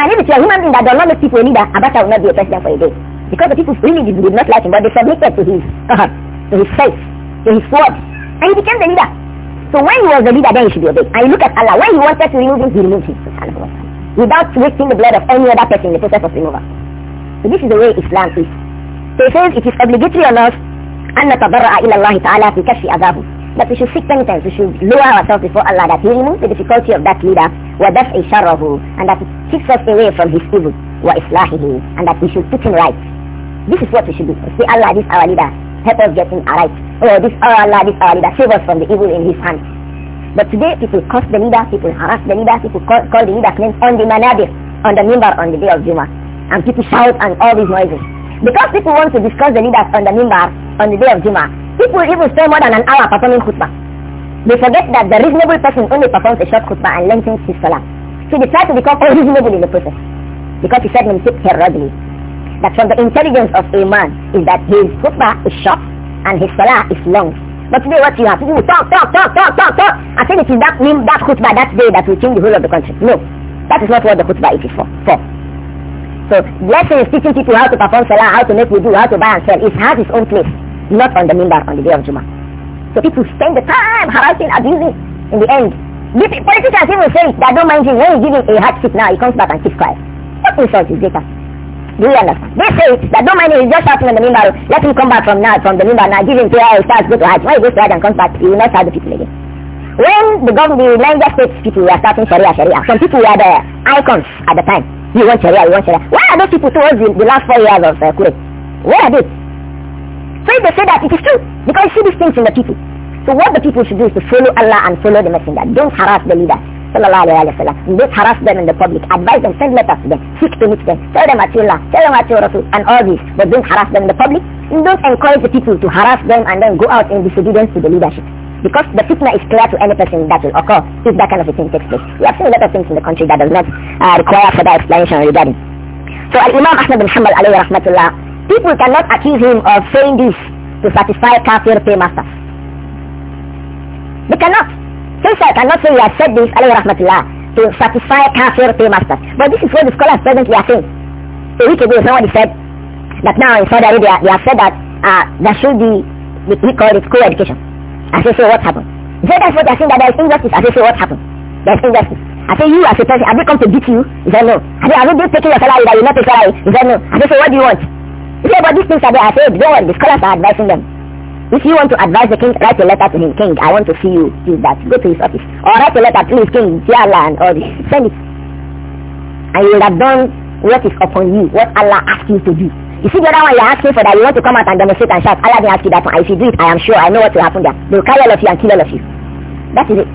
And if it's a human being that does not make people a leader, Abacha will not be a president for a day. Because the people really did not like him, but they submitted to his, uh, to his faith, to his word. And he became the leader. So when he was the leader, then he should be obeyed. And you look at Allah, when he wanted to remove him, he removed him. Without wasting the blood of any other person in the process of removal. So this is the way Islam is. So he says it is obligatory on us أن نتضرع إلى الله تعالى في كشف أذاه that we should seek penitence, we should lower ourselves before Allah that He removes the difficulty of that leader a شَرَّهُ and that He keeps us away from his evil وَإِصْلَاحِهِ and that we should put him right. This is what we should do. Say Allah, this our leader, help us get him right. Oh, this oh Allah, this our leader, save us from the evil in his hands. But today people curse the leader, people harass the leader, people call, call the leader names on the manabir, on the mimbar on the day of Juma, And people shout and all these noises. Because people want to discuss the leaders on the on the day of Juma, people even spend more than an hour performing khutbah. They forget that the reasonable person only performs a short khutbah and lengthens his salah. So they try to become unreasonable in the process. Because he said in terribly that from the intelligence of a man is that his khutbah is short and his salah is long. But today what you have, people talk, talk, talk, talk, talk, talk. I think it is that, that khutbah that day that will change the whole of the country. No, that is not what the khutbah is for. for. So blessing is teaching people how to perform salah, how to make wudu, how to buy and sell. It has its own place, not on the minbar on the day of Juma. So people spend the time harassing, abusing. In the end, politicians even say that don't mind him. When you give him a hard seat now, he comes back and keeps quiet. What insult is greater? Do you understand? They say that don't mind him, he's just shouting on the minbar. Let him come back from now, from the minbar now, give him prayer, he starts, go to Hajj. When he goes to Hajj and comes back, he will not start the people again. When the government, the Niger States people were starting Sharia Sharia, some people were the icons at the time. You want Sharia, you want Sharia. Why are those people towards the, the last four years of uh, Kure? Where are they? So if they say that, it is true. Because you see these things in the people. So what the people should do is to follow Allah and follow the messenger. Don't harass the leader. Sallallahu alayhi wa sallam. Don't harass them in the public. Advise them, send letters to them, seek to meet them, tell them at Allah, tell them at your Rasul, and all this. But don't harass them in the public. And don't encourage the people to harass them and then go out in disobedience to the leadership. Because the fitna is clear to any person that will occur if that kind of a thing takes place. We have seen a lot of things in the country that does not uh, require further explanation regarding. So Imam Ahmad bin Hanbal alayhi rahmatullah, people cannot accuse him of saying this to satisfy kafir paymasters. They cannot. Since I cannot say he has said this alayhi rahmatullah to satisfy kafir paymasters. But this is what the scholars presently are saying. A week ago somebody said that now in Saudi Arabia they have said that uh, there should be, we call it co-education I say, say what happened. Jada is not saying that there is injustice. I say, say what happened. There is injustice. I say, you as a person, have they come to beat you? He said, no. I say, have they been taking your salary that you not take salary? He said, no. I say, so what do you want? He said, but these things are there. I said, don't worry, the scholars are advising them. If you want to advise the king, write a letter to him. King, I want to see you do that. Go to his office. Or write a letter, please, King, dear Allah, and all this. Send it. And you will have done what is upon you, what Allah asked you to do. You see the other one you're asking for that you want to come out and demonstrate and shout. Allah didn't ask you that one. If you do it, I am sure I know what will happen there. They will carry all of you and kill all of you. That is it.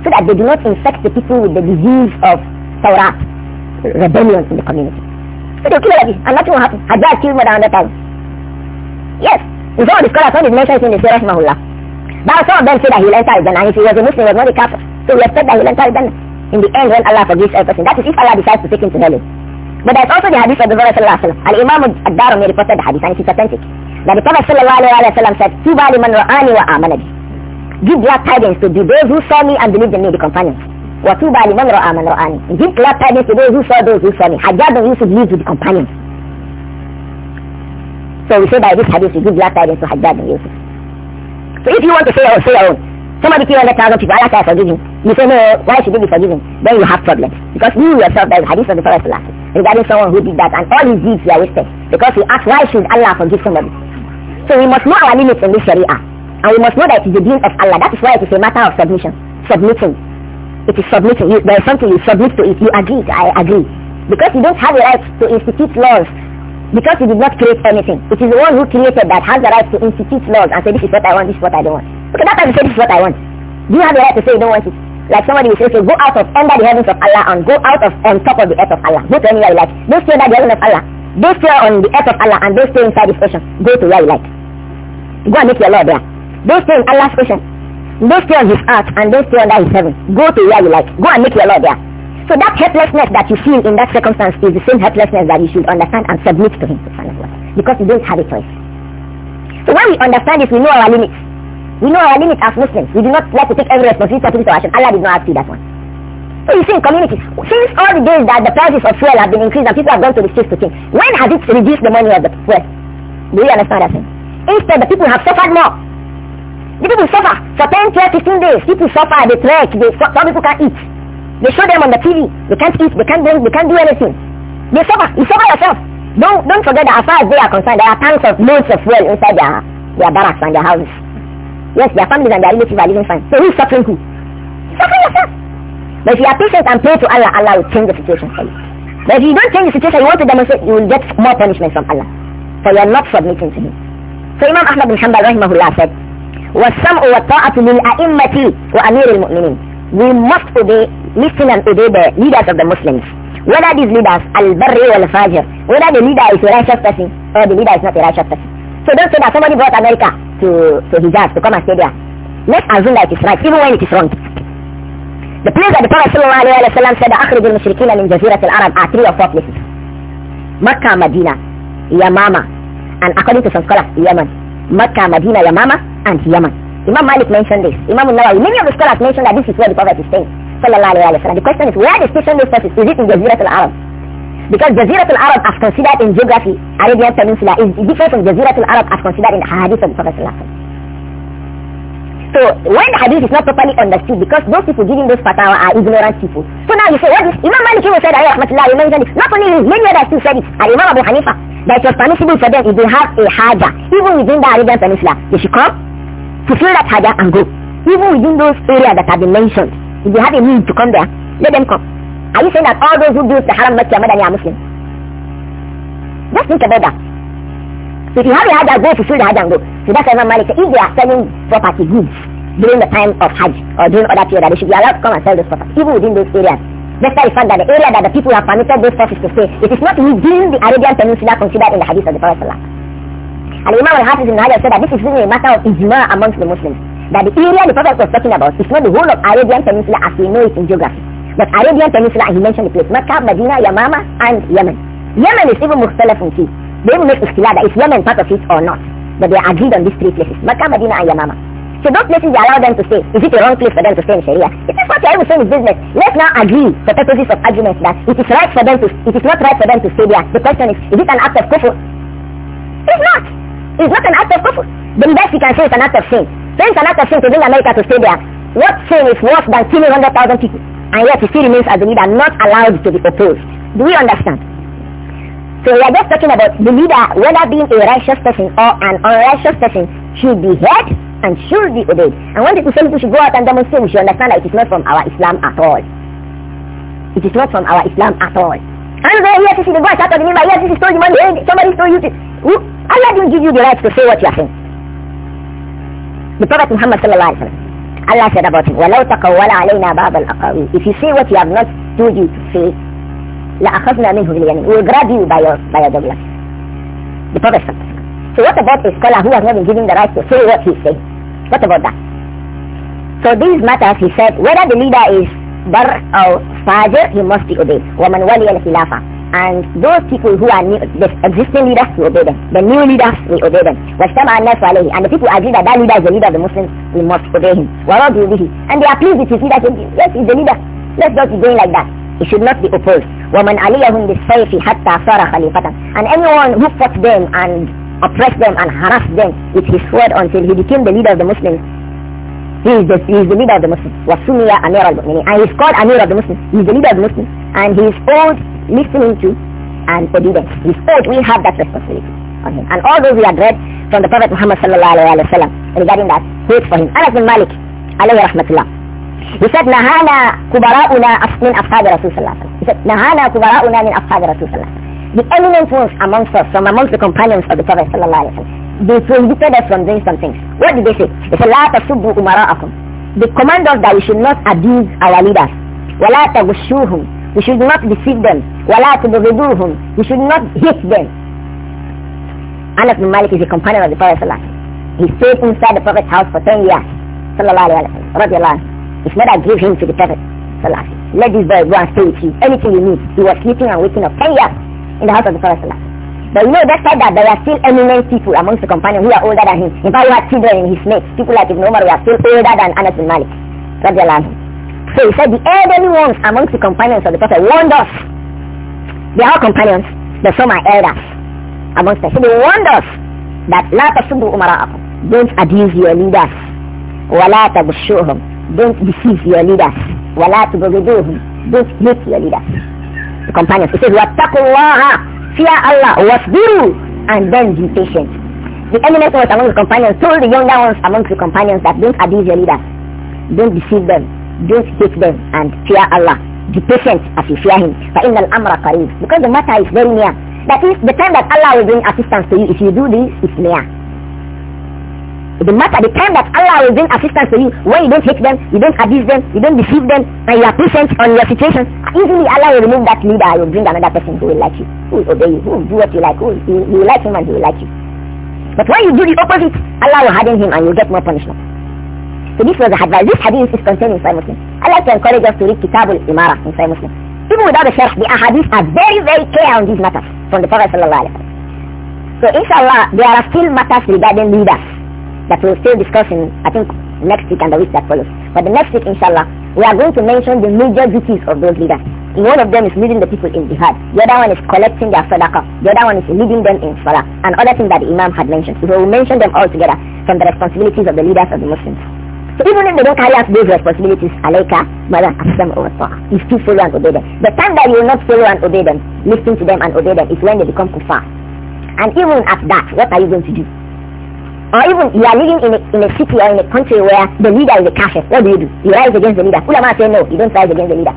So that they do not infect the people with the disease of Torah, rebellion in the community. So they'll kill all of you and nothing will happen. rather kill more than times. Yes. In some of the scholars, when it mentions in the Surah Mahullah, but some of them say that he'll enter and If he was a Muslim, he was not a kafir. So we expect that he'll enter Jannah. In the end, when Allah forgives everything, that is if Allah decides to take him to hell. But there's also the hadith of the Prophet sallallahu alaihi wasallam. Al-Imam al-Darumi reported the hadith and it's authentic. That the Prophet sallallahu alaihi wasallam said, Tuba liman ra'ani wa amanabi. Give glad tidings to those who saw me and believed in me, the companions. Wa tuba by ra'a man ra'ani. Give glad tidings to those who saw those who saw me. Hajjadun Yusuf lived with the companions. So we say by this hadith, we give glad tidings to Hajjadun Yusuf. So if you want to say your own, say your own. Somebody killed 100,000 people, Allah says, forgive you. You say, no, why should you be forgiven? Then you have problems. Because you yourself, there is hadith of the Prophet regarding someone who did that and all his deeds were wasted. Because he asked, why should Allah forgive somebody? So we must know our limits in this Sharia. And we must know that it is the deen of Allah. That is why it is a matter of submission. Submitting. It is submitting. You, there is something you submit to it. You agree. I agree. Because you don't have the right to institute laws. Because you did not create anything. It is the one who created that has the right to institute laws and say, this is what I want, this is what I don't want. at that time you say, this is what I want. Do you have the right to say you don't want it? Like somebody will say, okay, go out of under the heavens of Allah and go out of on top of the earth of Allah. Go to anywhere you like. They stay under the heavens of Allah. They stay on the earth of Allah and they stay inside his ocean. Go to where you like. Go and make your Lord there. They stay in Allah's Don't stay on his earth and don't stay under his heaven. Go to where you like. Go and make your Lord there. So that helplessness that you feel in that circumstance is the same helplessness that you should understand and submit to him. Because you don't have a choice. So when we understand this, we know our limits. We know our limit as Muslims. We do not like to take every responsibility for our action. Allah did not ask you that one. So you see in community, since all the days that the prices of fuel have been increased and people have gone to the streets to think, when has it reduced the money of the fuel? Do you understand that thing? Instead, the people have suffered more. The people suffer for 10, 12, 15 days. People suffer, they trek, they, some people can't eat. They show them on the TV. They can't eat, they can't drink, they can't do anything. They suffer. You suffer yourself. Don't, don't forget that as far as they are concerned, there are tons of loads of fuel inside their, their barracks and their houses. Yes, their families and their relatives are living fine. So who's suffering who? Suffering yourself. But if you are patient and pray to Allah, Allah will change the situation for you. But if you don't change the situation, you want to demonstrate, you will get more punishment from Allah. For you are not submitting to Him. So Imam Ahmad bin Hanbal rahimahullah said, وَالسَّمْءُ وَالطَّاعَةُ لِلْأَئِمَّةِ وَأَمِيرِ الْمُؤْمِنِينَ We must obey, listen and obey the leaders of the Muslims. Whether these leaders, al-barri wal-fajr, whether the leader is a righteous person or the leader is not a righteous person. So don't say that somebody brought America to, to Hijaz to come and stay there. Let's assume that it is right, even when it is wrong. The place that the Prophet ﷺ said, أخرج المشركين من جزيرة العرب are three or four places. Mecca, Medina, Yamama, and according to some scholars, Yemen. Mecca, Medina, Yamama, and Yemen. Imam Malik mentioned this. Imam Nawawi, many of the scholars mentioned that this is where the Prophet is staying. The question is, where the station is, is it in Jazirat al-Arab? Because Jazeera al-Arab as considered in geography, Arabian Peninsula, is different from Jazeera al-Arab as considered in the hadith of the Prophet So when the hadith is not properly understood because those people giving those fatwa are ignorant people. So now you say, what is, Imam Malik even said, alayhi rahmatullah, you mentioned Not only him, many others still said it. And Imam Abu Hanifa, that it was permissible for them if they have a haja, even within the Arabian Peninsula, they should come, fulfill that haja and go. Even within those areas that have been mentioned, if they have a need to come there, let them come. Are you saying that all those who do the haram Mecca Medani are Muslim? Just think about that. If you have a hajj, go fulfill the hajj and go. So that's why Malik if they are selling property goods during the time of hajj or during other period, they should be allowed to come and sell those property, even within those areas. Despite the fact that the area that the people have permitted those forces to stay, it is not within the Arabian Peninsula considered in the hadith of the Prophet And Imam al-Hafiz ibn Hajar said that this is really a matter of ijma amongst the Muslims. That the area the Prophet was talking about is not the whole of Arabian Peninsula as we know it in geography. But Arabian Peninsula, he mentioned the place, Mecca, Medina, Yamama, and Yemen. Yemen is even Mukhtalafun fi. They will make ikhtilaf Is Yemen part of it or not. But they agreed on these three places, Mecca, Medina, and Yamama. So those places they allow them to stay. Is it a wrong place for them to stay in Sharia? It is what I was saying is business. Let's now agree for purposes of argument that it is right for them to, it is not right for them to stay there. The question is, is it an act of kufr? It's not. It's not an act of kufr. The best you can say is an act of sin. So it's an act of sin to bring America to stay there. What sin is worse than killing 100,000 people? and yet he still remains as the leader, not allowed to be opposed. Do we understand? So we are just talking about the leader, whether being a righteous person or an unrighteous person, should be heard and should be obeyed. And when people say we should go out and demonstrate, we should understand that it is not from our Islam at all. It is not from our Islam at all. And then yes, this is the voice out of the member, yes, this is stole the money, hey, somebody stole you. Allah didn't give you the right to say what you are saying. The Prophet Muhammad sallallahu alaihi wasallam Allah said about him, وَلَوْ تَقَوَّلَ عَلَيْنَا بَعْضَ الْأَقَاوِيلِ If you say what you have not told you to say, لَأَخَذْنَا مِنْهُ بِالْيَمِينِ We will grab you by your, by your double The Prophet So what about a scholar who has not been given the right to say what he said? What about that? So these matters, he said, whether the leader is bar or fajr, he must be obeyed. وَمَنْ وَلِيَ الْخِلَافَةِ and those people who are new, the existing leaders will obey them. The new leaders will obey them. And the people agree that that leader is the leader of the Muslims, we must obey him. And they are pleased with his leader. Yes, he's the leader. Let's not be going like that. He should not be opposed. And anyone who fought them and oppressed them and harassed them with his sword until he became the leader of the Muslims, he is, the, he is the leader of the Muslims. وَسُمِيَ أَمِيرَ الْمُؤْمِنِينَ And he is called Amir of the Muslims. He is the leader of the Muslims. And he is old listening to and obedient. He's told we have that responsibility on him. And all those we had read from the Prophet Muhammad sallallahu alayhi wa sallam regarding that, wait for him. Anas bin Malik alayhi rahmatullah. He said, Nahana kubara'una min ashabi Rasul sallallahu alayhi wa He said, Nahana kubara'una min ashabi Rasul sallallahu alayhi wa the eminent ones amongst us, from amongst the companions of the Prophet sallallahu alaihi wasallam, they prohibited us from doing some things. What did they say? They said, "La tasubbu umara'akum." They command us that we should not abuse our leaders. وَلَا تَغُشُّوهُمْ we should not deceive them. وَلَا تُبْغِضُوهُمْ We should not hate them. Anas bin Malik is a companion of the Prophet He stayed inside the Prophet's house for 10 years. Sallallahu alayhi wa sallam. His mother gave him to the Prophet. Sallallahu alayhi Let this boy go and stay with you. Anything you need. He was sleeping and waking up 10 years in the house of the Prophet but you know, said that, there are still eminent people amongst the companions who are older than him. In fact, we have children in his mates. People like Ibn Umar we are still older than Anas bin Malik. Radiallahu so he said the elderly ones amongst the companions of the Prophet warned us. They are companions, but some are elders amongst us. So they warned us that لا تسبوا أمراءكم Don't abuse your leaders. ولا تبشوهم Don't deceive your leaders. ولا تبغضوهم Don't hate your leaders. The companions. He says واتقوا الله Fear Allah. واصبروا and then be patient. The eminent ones among the companions told the younger ones amongst the companions that don't abuse your leaders. Don't deceive them don't hate them and fear Allah. Be patient as you fear Him. فَإِنَّ الْأَمْرَ قَرِيبٌ Because the matter is very near. That is, the time that Allah will bring assistance to you, if you do this, it's near. The matter, the time that Allah will bring assistance to you, when you don't hate them, you don't abuse them, you don't deceive them, and you are patient on your situation, easily Allah will remove that leader and will bring another person who will like you, who will obey you, who will do what you like, who will, will like him and he will like you. But when you do the opposite, Allah will harden him and you get more punishment. So this was the hadith. This hadith is contained in Sahih Muslim. I like to encourage us to read Kitabul Imara in Sahih Muslim. Even without the Shaykh, the ahadith are very, very clear on these matters from the Prophet Sallallahu Alaihi Wasallam. So inshallah, there are still matters regarding leaders that we'll still discuss in, I think, next week and the week that follows. But the next week, inshallah, we are going to mention the major duties of those leaders. One of them is leading the people in jihad. The other one is collecting their sadaqah. The other one is leading them in salah. And other things that the Imam had mentioned. We will mention them all together from the responsibilities of the leaders of the Muslims even if they don't carry out those responsibilities, Alaika, Mother, Asam, or You still follow and obey them. The time that you will not follow and obey them, listen to them and obey them, is when they become kufar. And even at that, what are you going to do? Or even you are living in a, in a city or in a country where the leader is a kafir. What do you do? You rise against the leader. Ulama say no, you don't rise against the leader.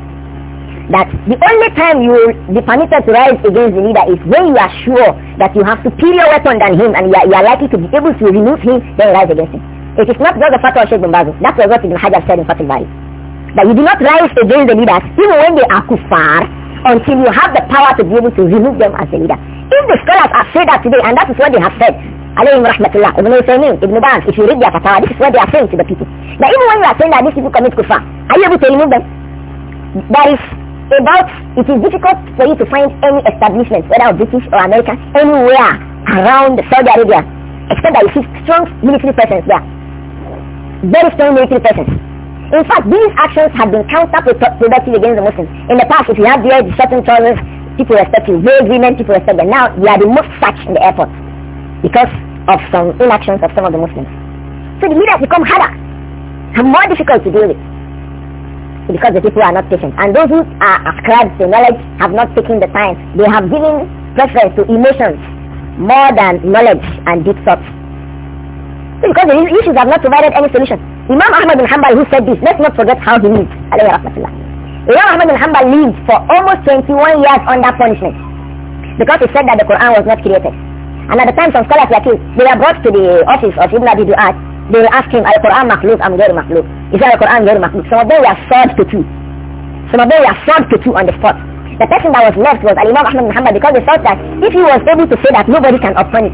That the only time you will be permitted to rise against the leader is when you are sure that you have superior weapon than him and you are, you are likely to be able to remove him, then rise against him. It is not just the fatwa of Sheikh Bin Bazu. That's what Ibn Hajar said in Fatul Bari. That you do not rise against the leaders even when they are kuffar until you have the power to be able to remove them as a leader. If the scholars have said that today, and that is what they have said, alayhim rahmatullah, Ibn Uthaymeen, Ibn Baz, if you read their fatwa, this is what they are saying to the people. That even when you are saying that these people commit kuffar, are you able to remove them? That is about, it is difficult for you to find any establishment, whether British or American, anywhere around Saudi Arabia, except that you see strong military presence there. Very strong military presence. In fact, these actions have been counterproductive against the Muslims. In the past, if you have the air disrupting tolerance, people respect you. Vague women, people respect them. Now, they are the most searched in the airport because of some inactions of some of the Muslims. So the leaders become harder and more difficult to deal with because the people are not patient. And those who are ascribed to knowledge have not taken the time. They have given preference to emotions more than knowledge and deep thoughts because the issues have not provided any solution. Imam Ahmad bin Hanbal who said this, let's not forget how he lived. Imam Ahmad bin Hanbal lived for almost 21 years under punishment because he said that the Quran was not created. And at the time some scholars like him, they were brought to the office of Ibn Abi Du'at. They asked ask him, Al-Quran makhluk, am ghayr makhluk. Is Al-Quran very makhluk? Some of them were sword to two. Some of them were sword to two on the spot. The person that was left was imam Ahmad bin Hanbal because they thought that if he was able to say that, nobody can upon it.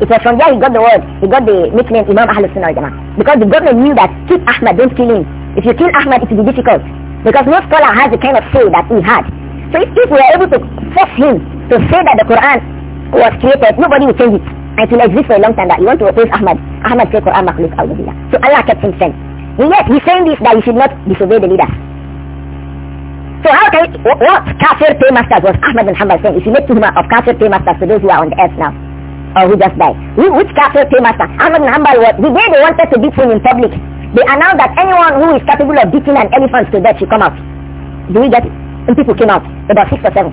It was from there he got the word, he got the nickname Imam Ahl Sunnah Jama'ah. Because the government knew that keep Ahmad, don't kill him. If you kill Ahmad, it will be difficult. Because no scholar has the kind of say that he had. So if, if we are able to force him to say that the Quran was created, nobody will change it. And it will exist for a long time that you want to oppose Ahmad. Ahmad said Quran makhluk awdulillah. So Allah kept him sent. And yet he's saying this that you should not disobey the leader. So how can, it, what kafir paymasters was Ahmad and Hanbal saying? If you make tuhma of kafir paymasters to those who are on the earth now, or oh, who just died. Which capital paymaster? Ahmed Hanbal was, the day they wanted to beat him in public, they announced that anyone who is capable of beating an elephant to death should come out. Do we get it? And people came out, about six or seven.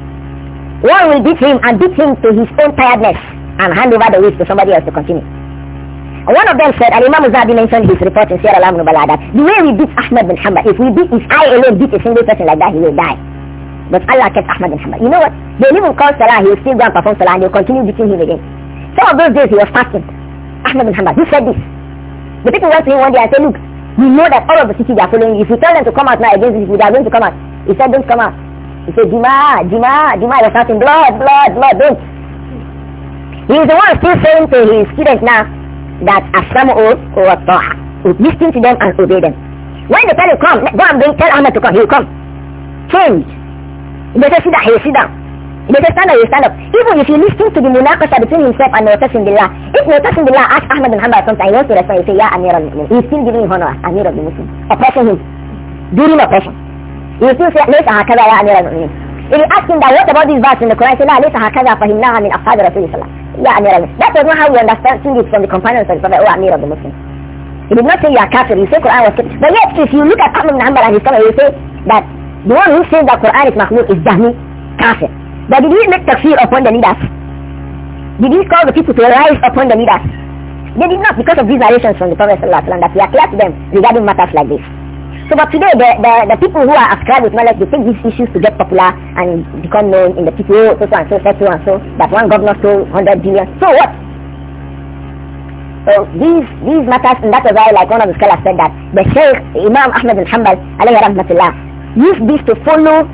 One will beat him and beat him to his own tiredness and hand over the whip to somebody else to continue. And one of them said, and Imam Zabi mentioned his report in Sierra Lamnu Bala that the way we beat Ahmed bin Hanbal, if we beat, if I alone beat a single person like that, he will die. But Allah kept Ahmed bin Hanbal. You know what? They even call Salah, he will still go and perform Salah and they will continue beating him again. Some of those days he was fasting. Ahmed bin Hanbal, he said this. The people went to him one day and said, look, we know that all of the city they are following you. If you tell them to come out now against these people, they are going to come out. He said, don't come out. He said, Dima, Dima, Dima, are fasting. Blood, blood, blood, don't. He is the one still saying to his students now that Asamu or Ta'a. Listen to them and obey them. When they tell you come, go and bring, tell Ahmed to come, he will come. Change. They say sit down, he will sit down. The Destana stand up. Even if you listen to the munaqasha between himself and Mu'tasim Billah, if Mu'tasim Billah asks Ahmad bin Hanbal something, he wants to respond, he say, Ya Amir al-Mu'min. He's still giving him honor as Amir al-Muslim. Oppressing him. During oppression. He still say, Laysa hakaza ya Amir al-Mu'min. If you ask him that, what about this verse in the Quran? He say, La laysa hakaza fahimnaha min ashabi Rasulullah. Ya Amir al-Muslim. That was not how we understand it from the companions of the Prophet, Oh Amir al-Muslim. He did not say you are kafir, he said Quran was kafir. But yet, if you look at Ahmad bin Hanbal and his comment, he will say that the one who says that Quran is mahmud is jahmi, kafir. But did he make takfir upon the leaders? Did he call the people to arise upon the leaders? They did not because of these narrations from the Prophet ﷺ that are clear to them regarding matters like this. So but today the, the, the people who are ascribed with knowledge, they take these issues to get popular and become known in the people, oh, so, so and so, so, so and so, that one governor stole 100 billion. So what? So these these matters, and that is why like one of the scholars said that the Shaykh Imam Ahmad al Hamad alayhi rahmatullah used this to follow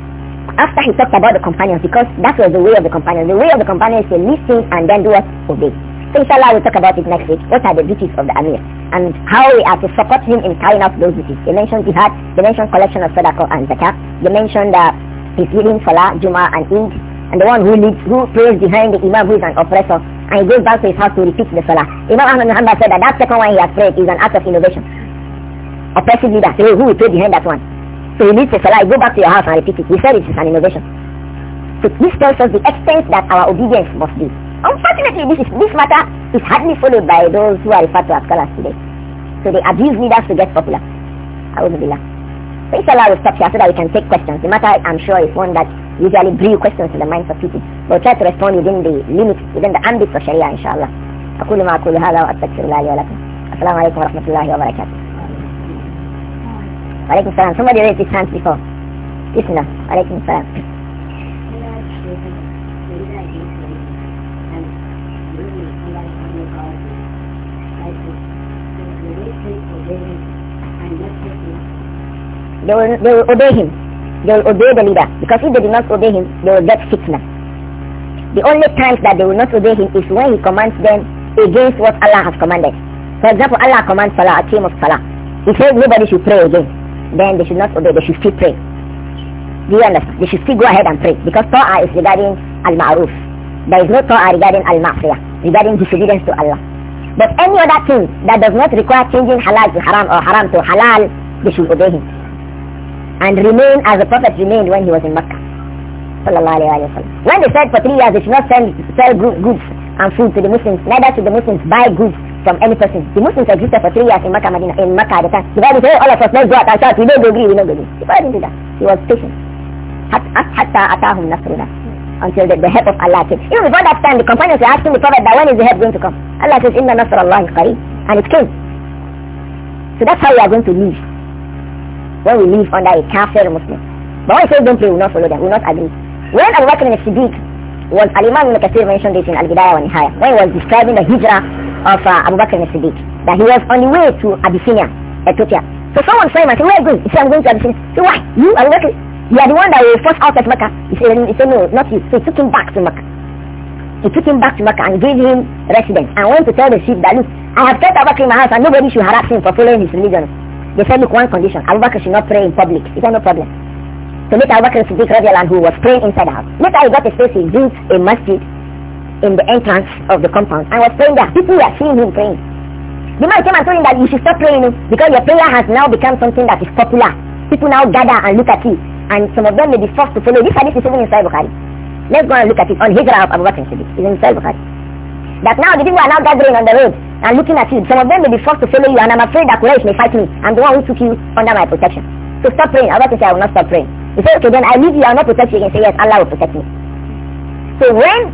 after he talked about the companions because that was the way of the companions. The way of the companions is to listen and then do what? Obey. So inshallah we'll talk about it next week. What are the duties of the Amir and how we are to support him in carrying out those duties. They mentioned jihad, they mentioned collection of sadaqah and zakat, they mentioned that he's leading salah, Juma and Eid, and the one who leads, who prays behind the Imam who is an oppressor and he goes back to his house to repeat the salah. Imam Ahmad Muhammad said that that second one he has prayed is an act of innovation. Oppressive leader, so who will pray behind that one? So you need to salah, go back to your house and repeat it. We said it is an innovation. So this tells us the extent that our obedience must be. Unfortunately, this, is, this matter is hardly followed by those who are referred to as scholars today. So they abuse leaders to get popular. I wouldn't be laughing. So inshallah we'll stop here so that we can take questions. The matter I'm sure is one that usually brew questions to the minds of people. we'll try to respond within the limits, within the ambit of Sharia inshallah. أقول ما أقول هذا وأستغفر الله لي ولكم السلام عليكم ورحمة الله وبركاته
Alaikum salam. Somebody raised his hands before. Isna. Alaikum salam.
They will, they will obey him. They will obey the leader. Because if they do not obey him, they will get sickness. The only times that they will not obey him is when he commands them against what Allah has commanded. For example, Allah commands Salah, A team of Salah. He says nobody should pray again then they should not obey, they should still pray. Do you understand? They should still go ahead and pray because Torah is regarding al-ma'ruf. There is no Torah regarding al-ma'fiyah, regarding disobedience to Allah. But any other thing that does not require changing halal to haram or haram to halal, they should obey him. And remain as the Prophet remained when he was in Mecca. When they said for three years they should not sell, sell goods and food to the Muslims, neither should the Muslims buy goods from any person. The Muslims existed for three years in Makkah, Medina, in Makkah at the time. The Bible says, oh, all of us, let's go out we don't agree, we don't agree. The Bible didn't do that. He was patient. Hatta atahum nasrullah. Until the, the help of Allah came. Even before that time, the companions were asking the Prophet that when is the help going to come? Allah says, inna nasrullahi qareeb. And it came. So that's how we are going to live. When we live under a kafir Muslim. But when he says don't pray, we will not follow them, we will not agree. When Abu Bakr in siddiq was, Al-Imam al-Kathir mentioned this in Al-Bidayah wa when he was describing the hijrah of uh, Abu Bakr al-Siddiq that he was on the way to Abyssinia, Ethiopia. So someone saw him and said, where are you going? He said, I'm going to Abyssinia. He said, why? You, You are the one that will first out at Mecca. He said, he said, no, not you. So he took him back to Mecca. He took him back to Mecca and gave him residence and went to tell the sheep that, look, I have kept Abu Bakr in my house and nobody should harass him for following his religion. They said, look, one condition. Abu Bakr should not pray in public. He said, no problem. So later Abu Bakr Siddiq who was praying inside the house. Later he got a space, he built a masjid in the entrance of the compound I was praying there. People were seeing him praying. The man came and told him that you should stop praying oh, because your prayer has now become something that is popular. People now gather and look at you and some of them may be forced to follow. This hadith is even in Sahih Bukhari. Let's go and look at it on Hijrah of Abu Bakr Siddiq. It's in Sahih Bukhari. That now the people are now gathering on the road and looking at you. Some of them may be forced to follow you and I'm afraid that Quraysh may fight me. I'm the one who took you under my protection. So stop praying. Abu Bakr said, I will not stop praying. He said, okay then I leave you, I will not protect you. He said, yes, Allah will protect me. So when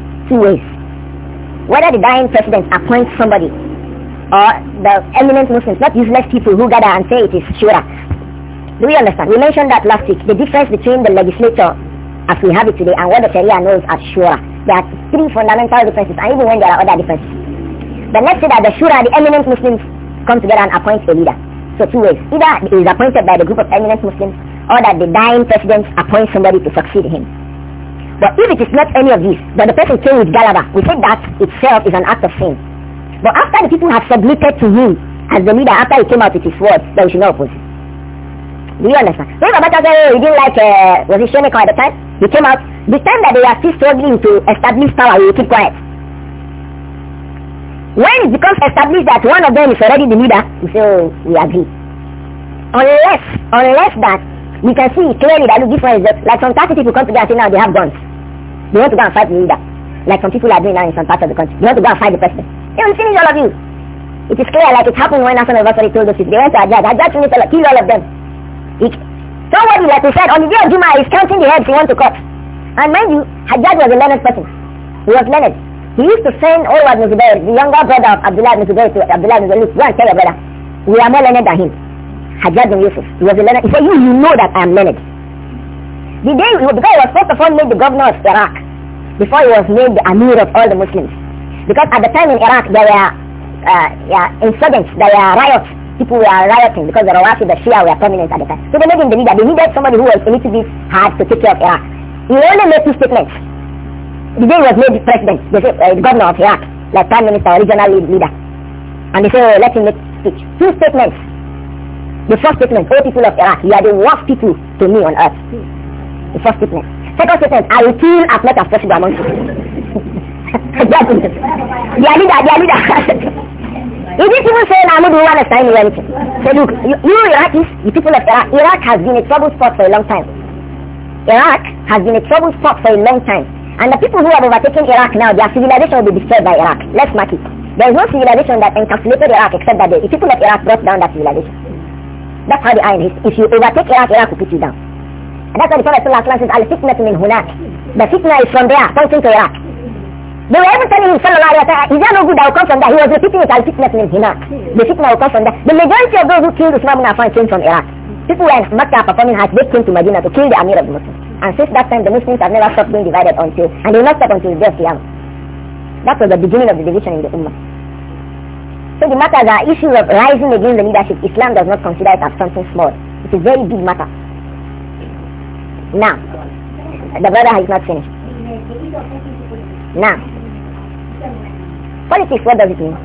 two ways. Whether the dying president appoints somebody or the eminent Muslims, not useless people who gather and say it is shura. Do we understand? We mentioned that last week. The difference between the legislature as we have it today and what the Sharia knows as shura. There are three fundamental differences and even when there are other differences. But let's say that the shura, the eminent Muslims, come together and appoint a leader. So two ways. Either he is appointed by the group of eminent Muslims or that the dying president appoints somebody to succeed him. But if it is not any of these, that the person came with Galaba, we say that itself is an act of sin. But after the people have submitted to him as the leader, after he came out with his words, then we should not oppose him. Do you understand? Remember Batagay, he didn't like, uh, was it Shemeko at the time? He came out. The time that they are still struggling to establish power, he will keep quiet. When it becomes established that one of them is already the leader, we say, oh, we agree. Unless, unless that, we can see clearly that, look, this one is just, like some 30 people come together and say, now they have guns. They want to go and fight the leader, like some people are doing now in some parts of the country. They want to go and fight the president. They will finish all of you. It is clear, like it happened when Hassan al-Basri told us people. They went to Hajjaj. Hajjaj finished all, killed all of them. It, somebody, like we said, on the day of Juma is counting the heads he wants to cut. And mind you, Hajjaj was a learned person. He was learned. He used to send Orwad Muzubair, the younger brother of Abdullah Muzubair, to Abdullah Muzubair, look, go and tell your brother, we are more learned than him. Hajjaj bin Yusuf, he was a learned. He said, you, you know that I am learned. The day because he was first of all made the governor of Iraq before he was made the Amir of all the Muslims. Because at the time in Iraq there were uh, yeah, insurgents, there were riots. People were rioting because the Rawati, the Shia were prominent at the time. So they made him the leader. They needed somebody who was a little bit hard to take care of Iraq. He only made two statements. The day he was made the president, they uh, the governor of Iraq, like prime minister or regional leader. And they say, oh, let him make speech. Two statements. The first statement, all oh, people of Iraq, you are the worst people to me on earth. The first statement. Second statement, I will kill as much as possible among you. are leader, their leader. he didn't even say Mahmoud not want to sign anything. So look, you, you Iraqis, the people of Iraq, Iraq has been a trouble spot for a long time. Iraq has been a trouble spot for a long time. And the people who have overtaken Iraq now, their civilization will be destroyed by Iraq. Let's mark it. There is no civilization that encapsulated Iraq except that the people of Iraq brought down that civilization. That's how they are in history. If you overtake Iraq, Iraq will put you down. That's why the Prophet Sallallahu Alaihi Wasallam says, al fitna min hunak. The fitna is from there, pointing to Iraq. They were even telling him, Sallallahu Alaihi "Is there no good come from there. He was repeating it, Al-fitnah min hunak. The fitna will come from there. The majority of those who killed Usman bin Affan came from Iraq. People were in Makkah performing Hajj, they came to Medina to kill the Amir of the Muslims. And since that time, the Muslims have never stopped being divided until, and they will not stop until the day of That was the beginning of the division in the Ummah. So the matters are issues of rising against the leadership. Islam does not consider it as something small. It's a very big matter. Now,
the brother has not finished. Now,
politics, what does it mean?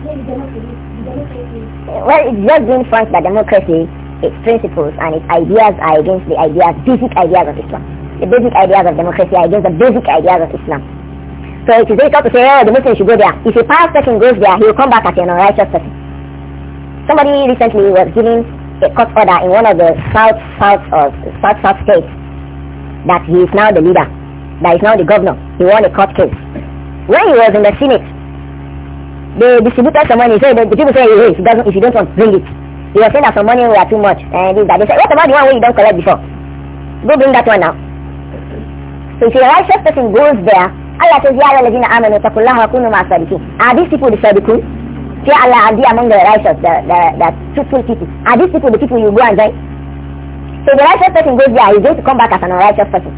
Well, it just means first that democracy, its principles and its ideas are against the ideas, basic ideas of Islam. The basic ideas of democracy are against the basic ideas of Islam. So it is difficult to say, oh, the Muslim should go there. If a pious person goes there, he will come back as an unrighteous person. Somebody recently was giving a court order in one of the south south of south south states that he is now the leader, that is now the governor. He won a court case. When he was in the Senate, they distributed some money. So the, the people say, hey, if you, do not if you don't want, bring it. He was saying that some money were too much. And that. They said, what about the one you don't collect before? Go bring that one now. So if a righteous person goes there, Allah says, Ya ladina amanu takullaha hakunu ma'asadikin. Are these people the sadikun? Say Allah are among the righteous, the, the, the truthful people. Are these people the people you go and join? So the righteous person goes there, he's going to come back as an unrighteous person.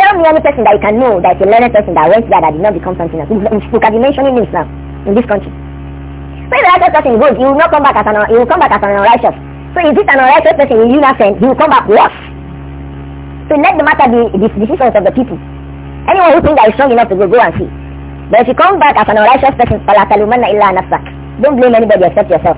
Tell me any person that you can know that is a learned person that went there that did not become something else. We can be mentioning names now in this country. So if the righteous person goes, he will not come back as an he will come back as an unrighteous. So is it an unrighteous person in you not He will come back worse. So let the matter be the decisions of the people. Anyone who thinks that is strong enough to go, go and see. But if you come back as an unrighteous person, don't blame anybody except yourself.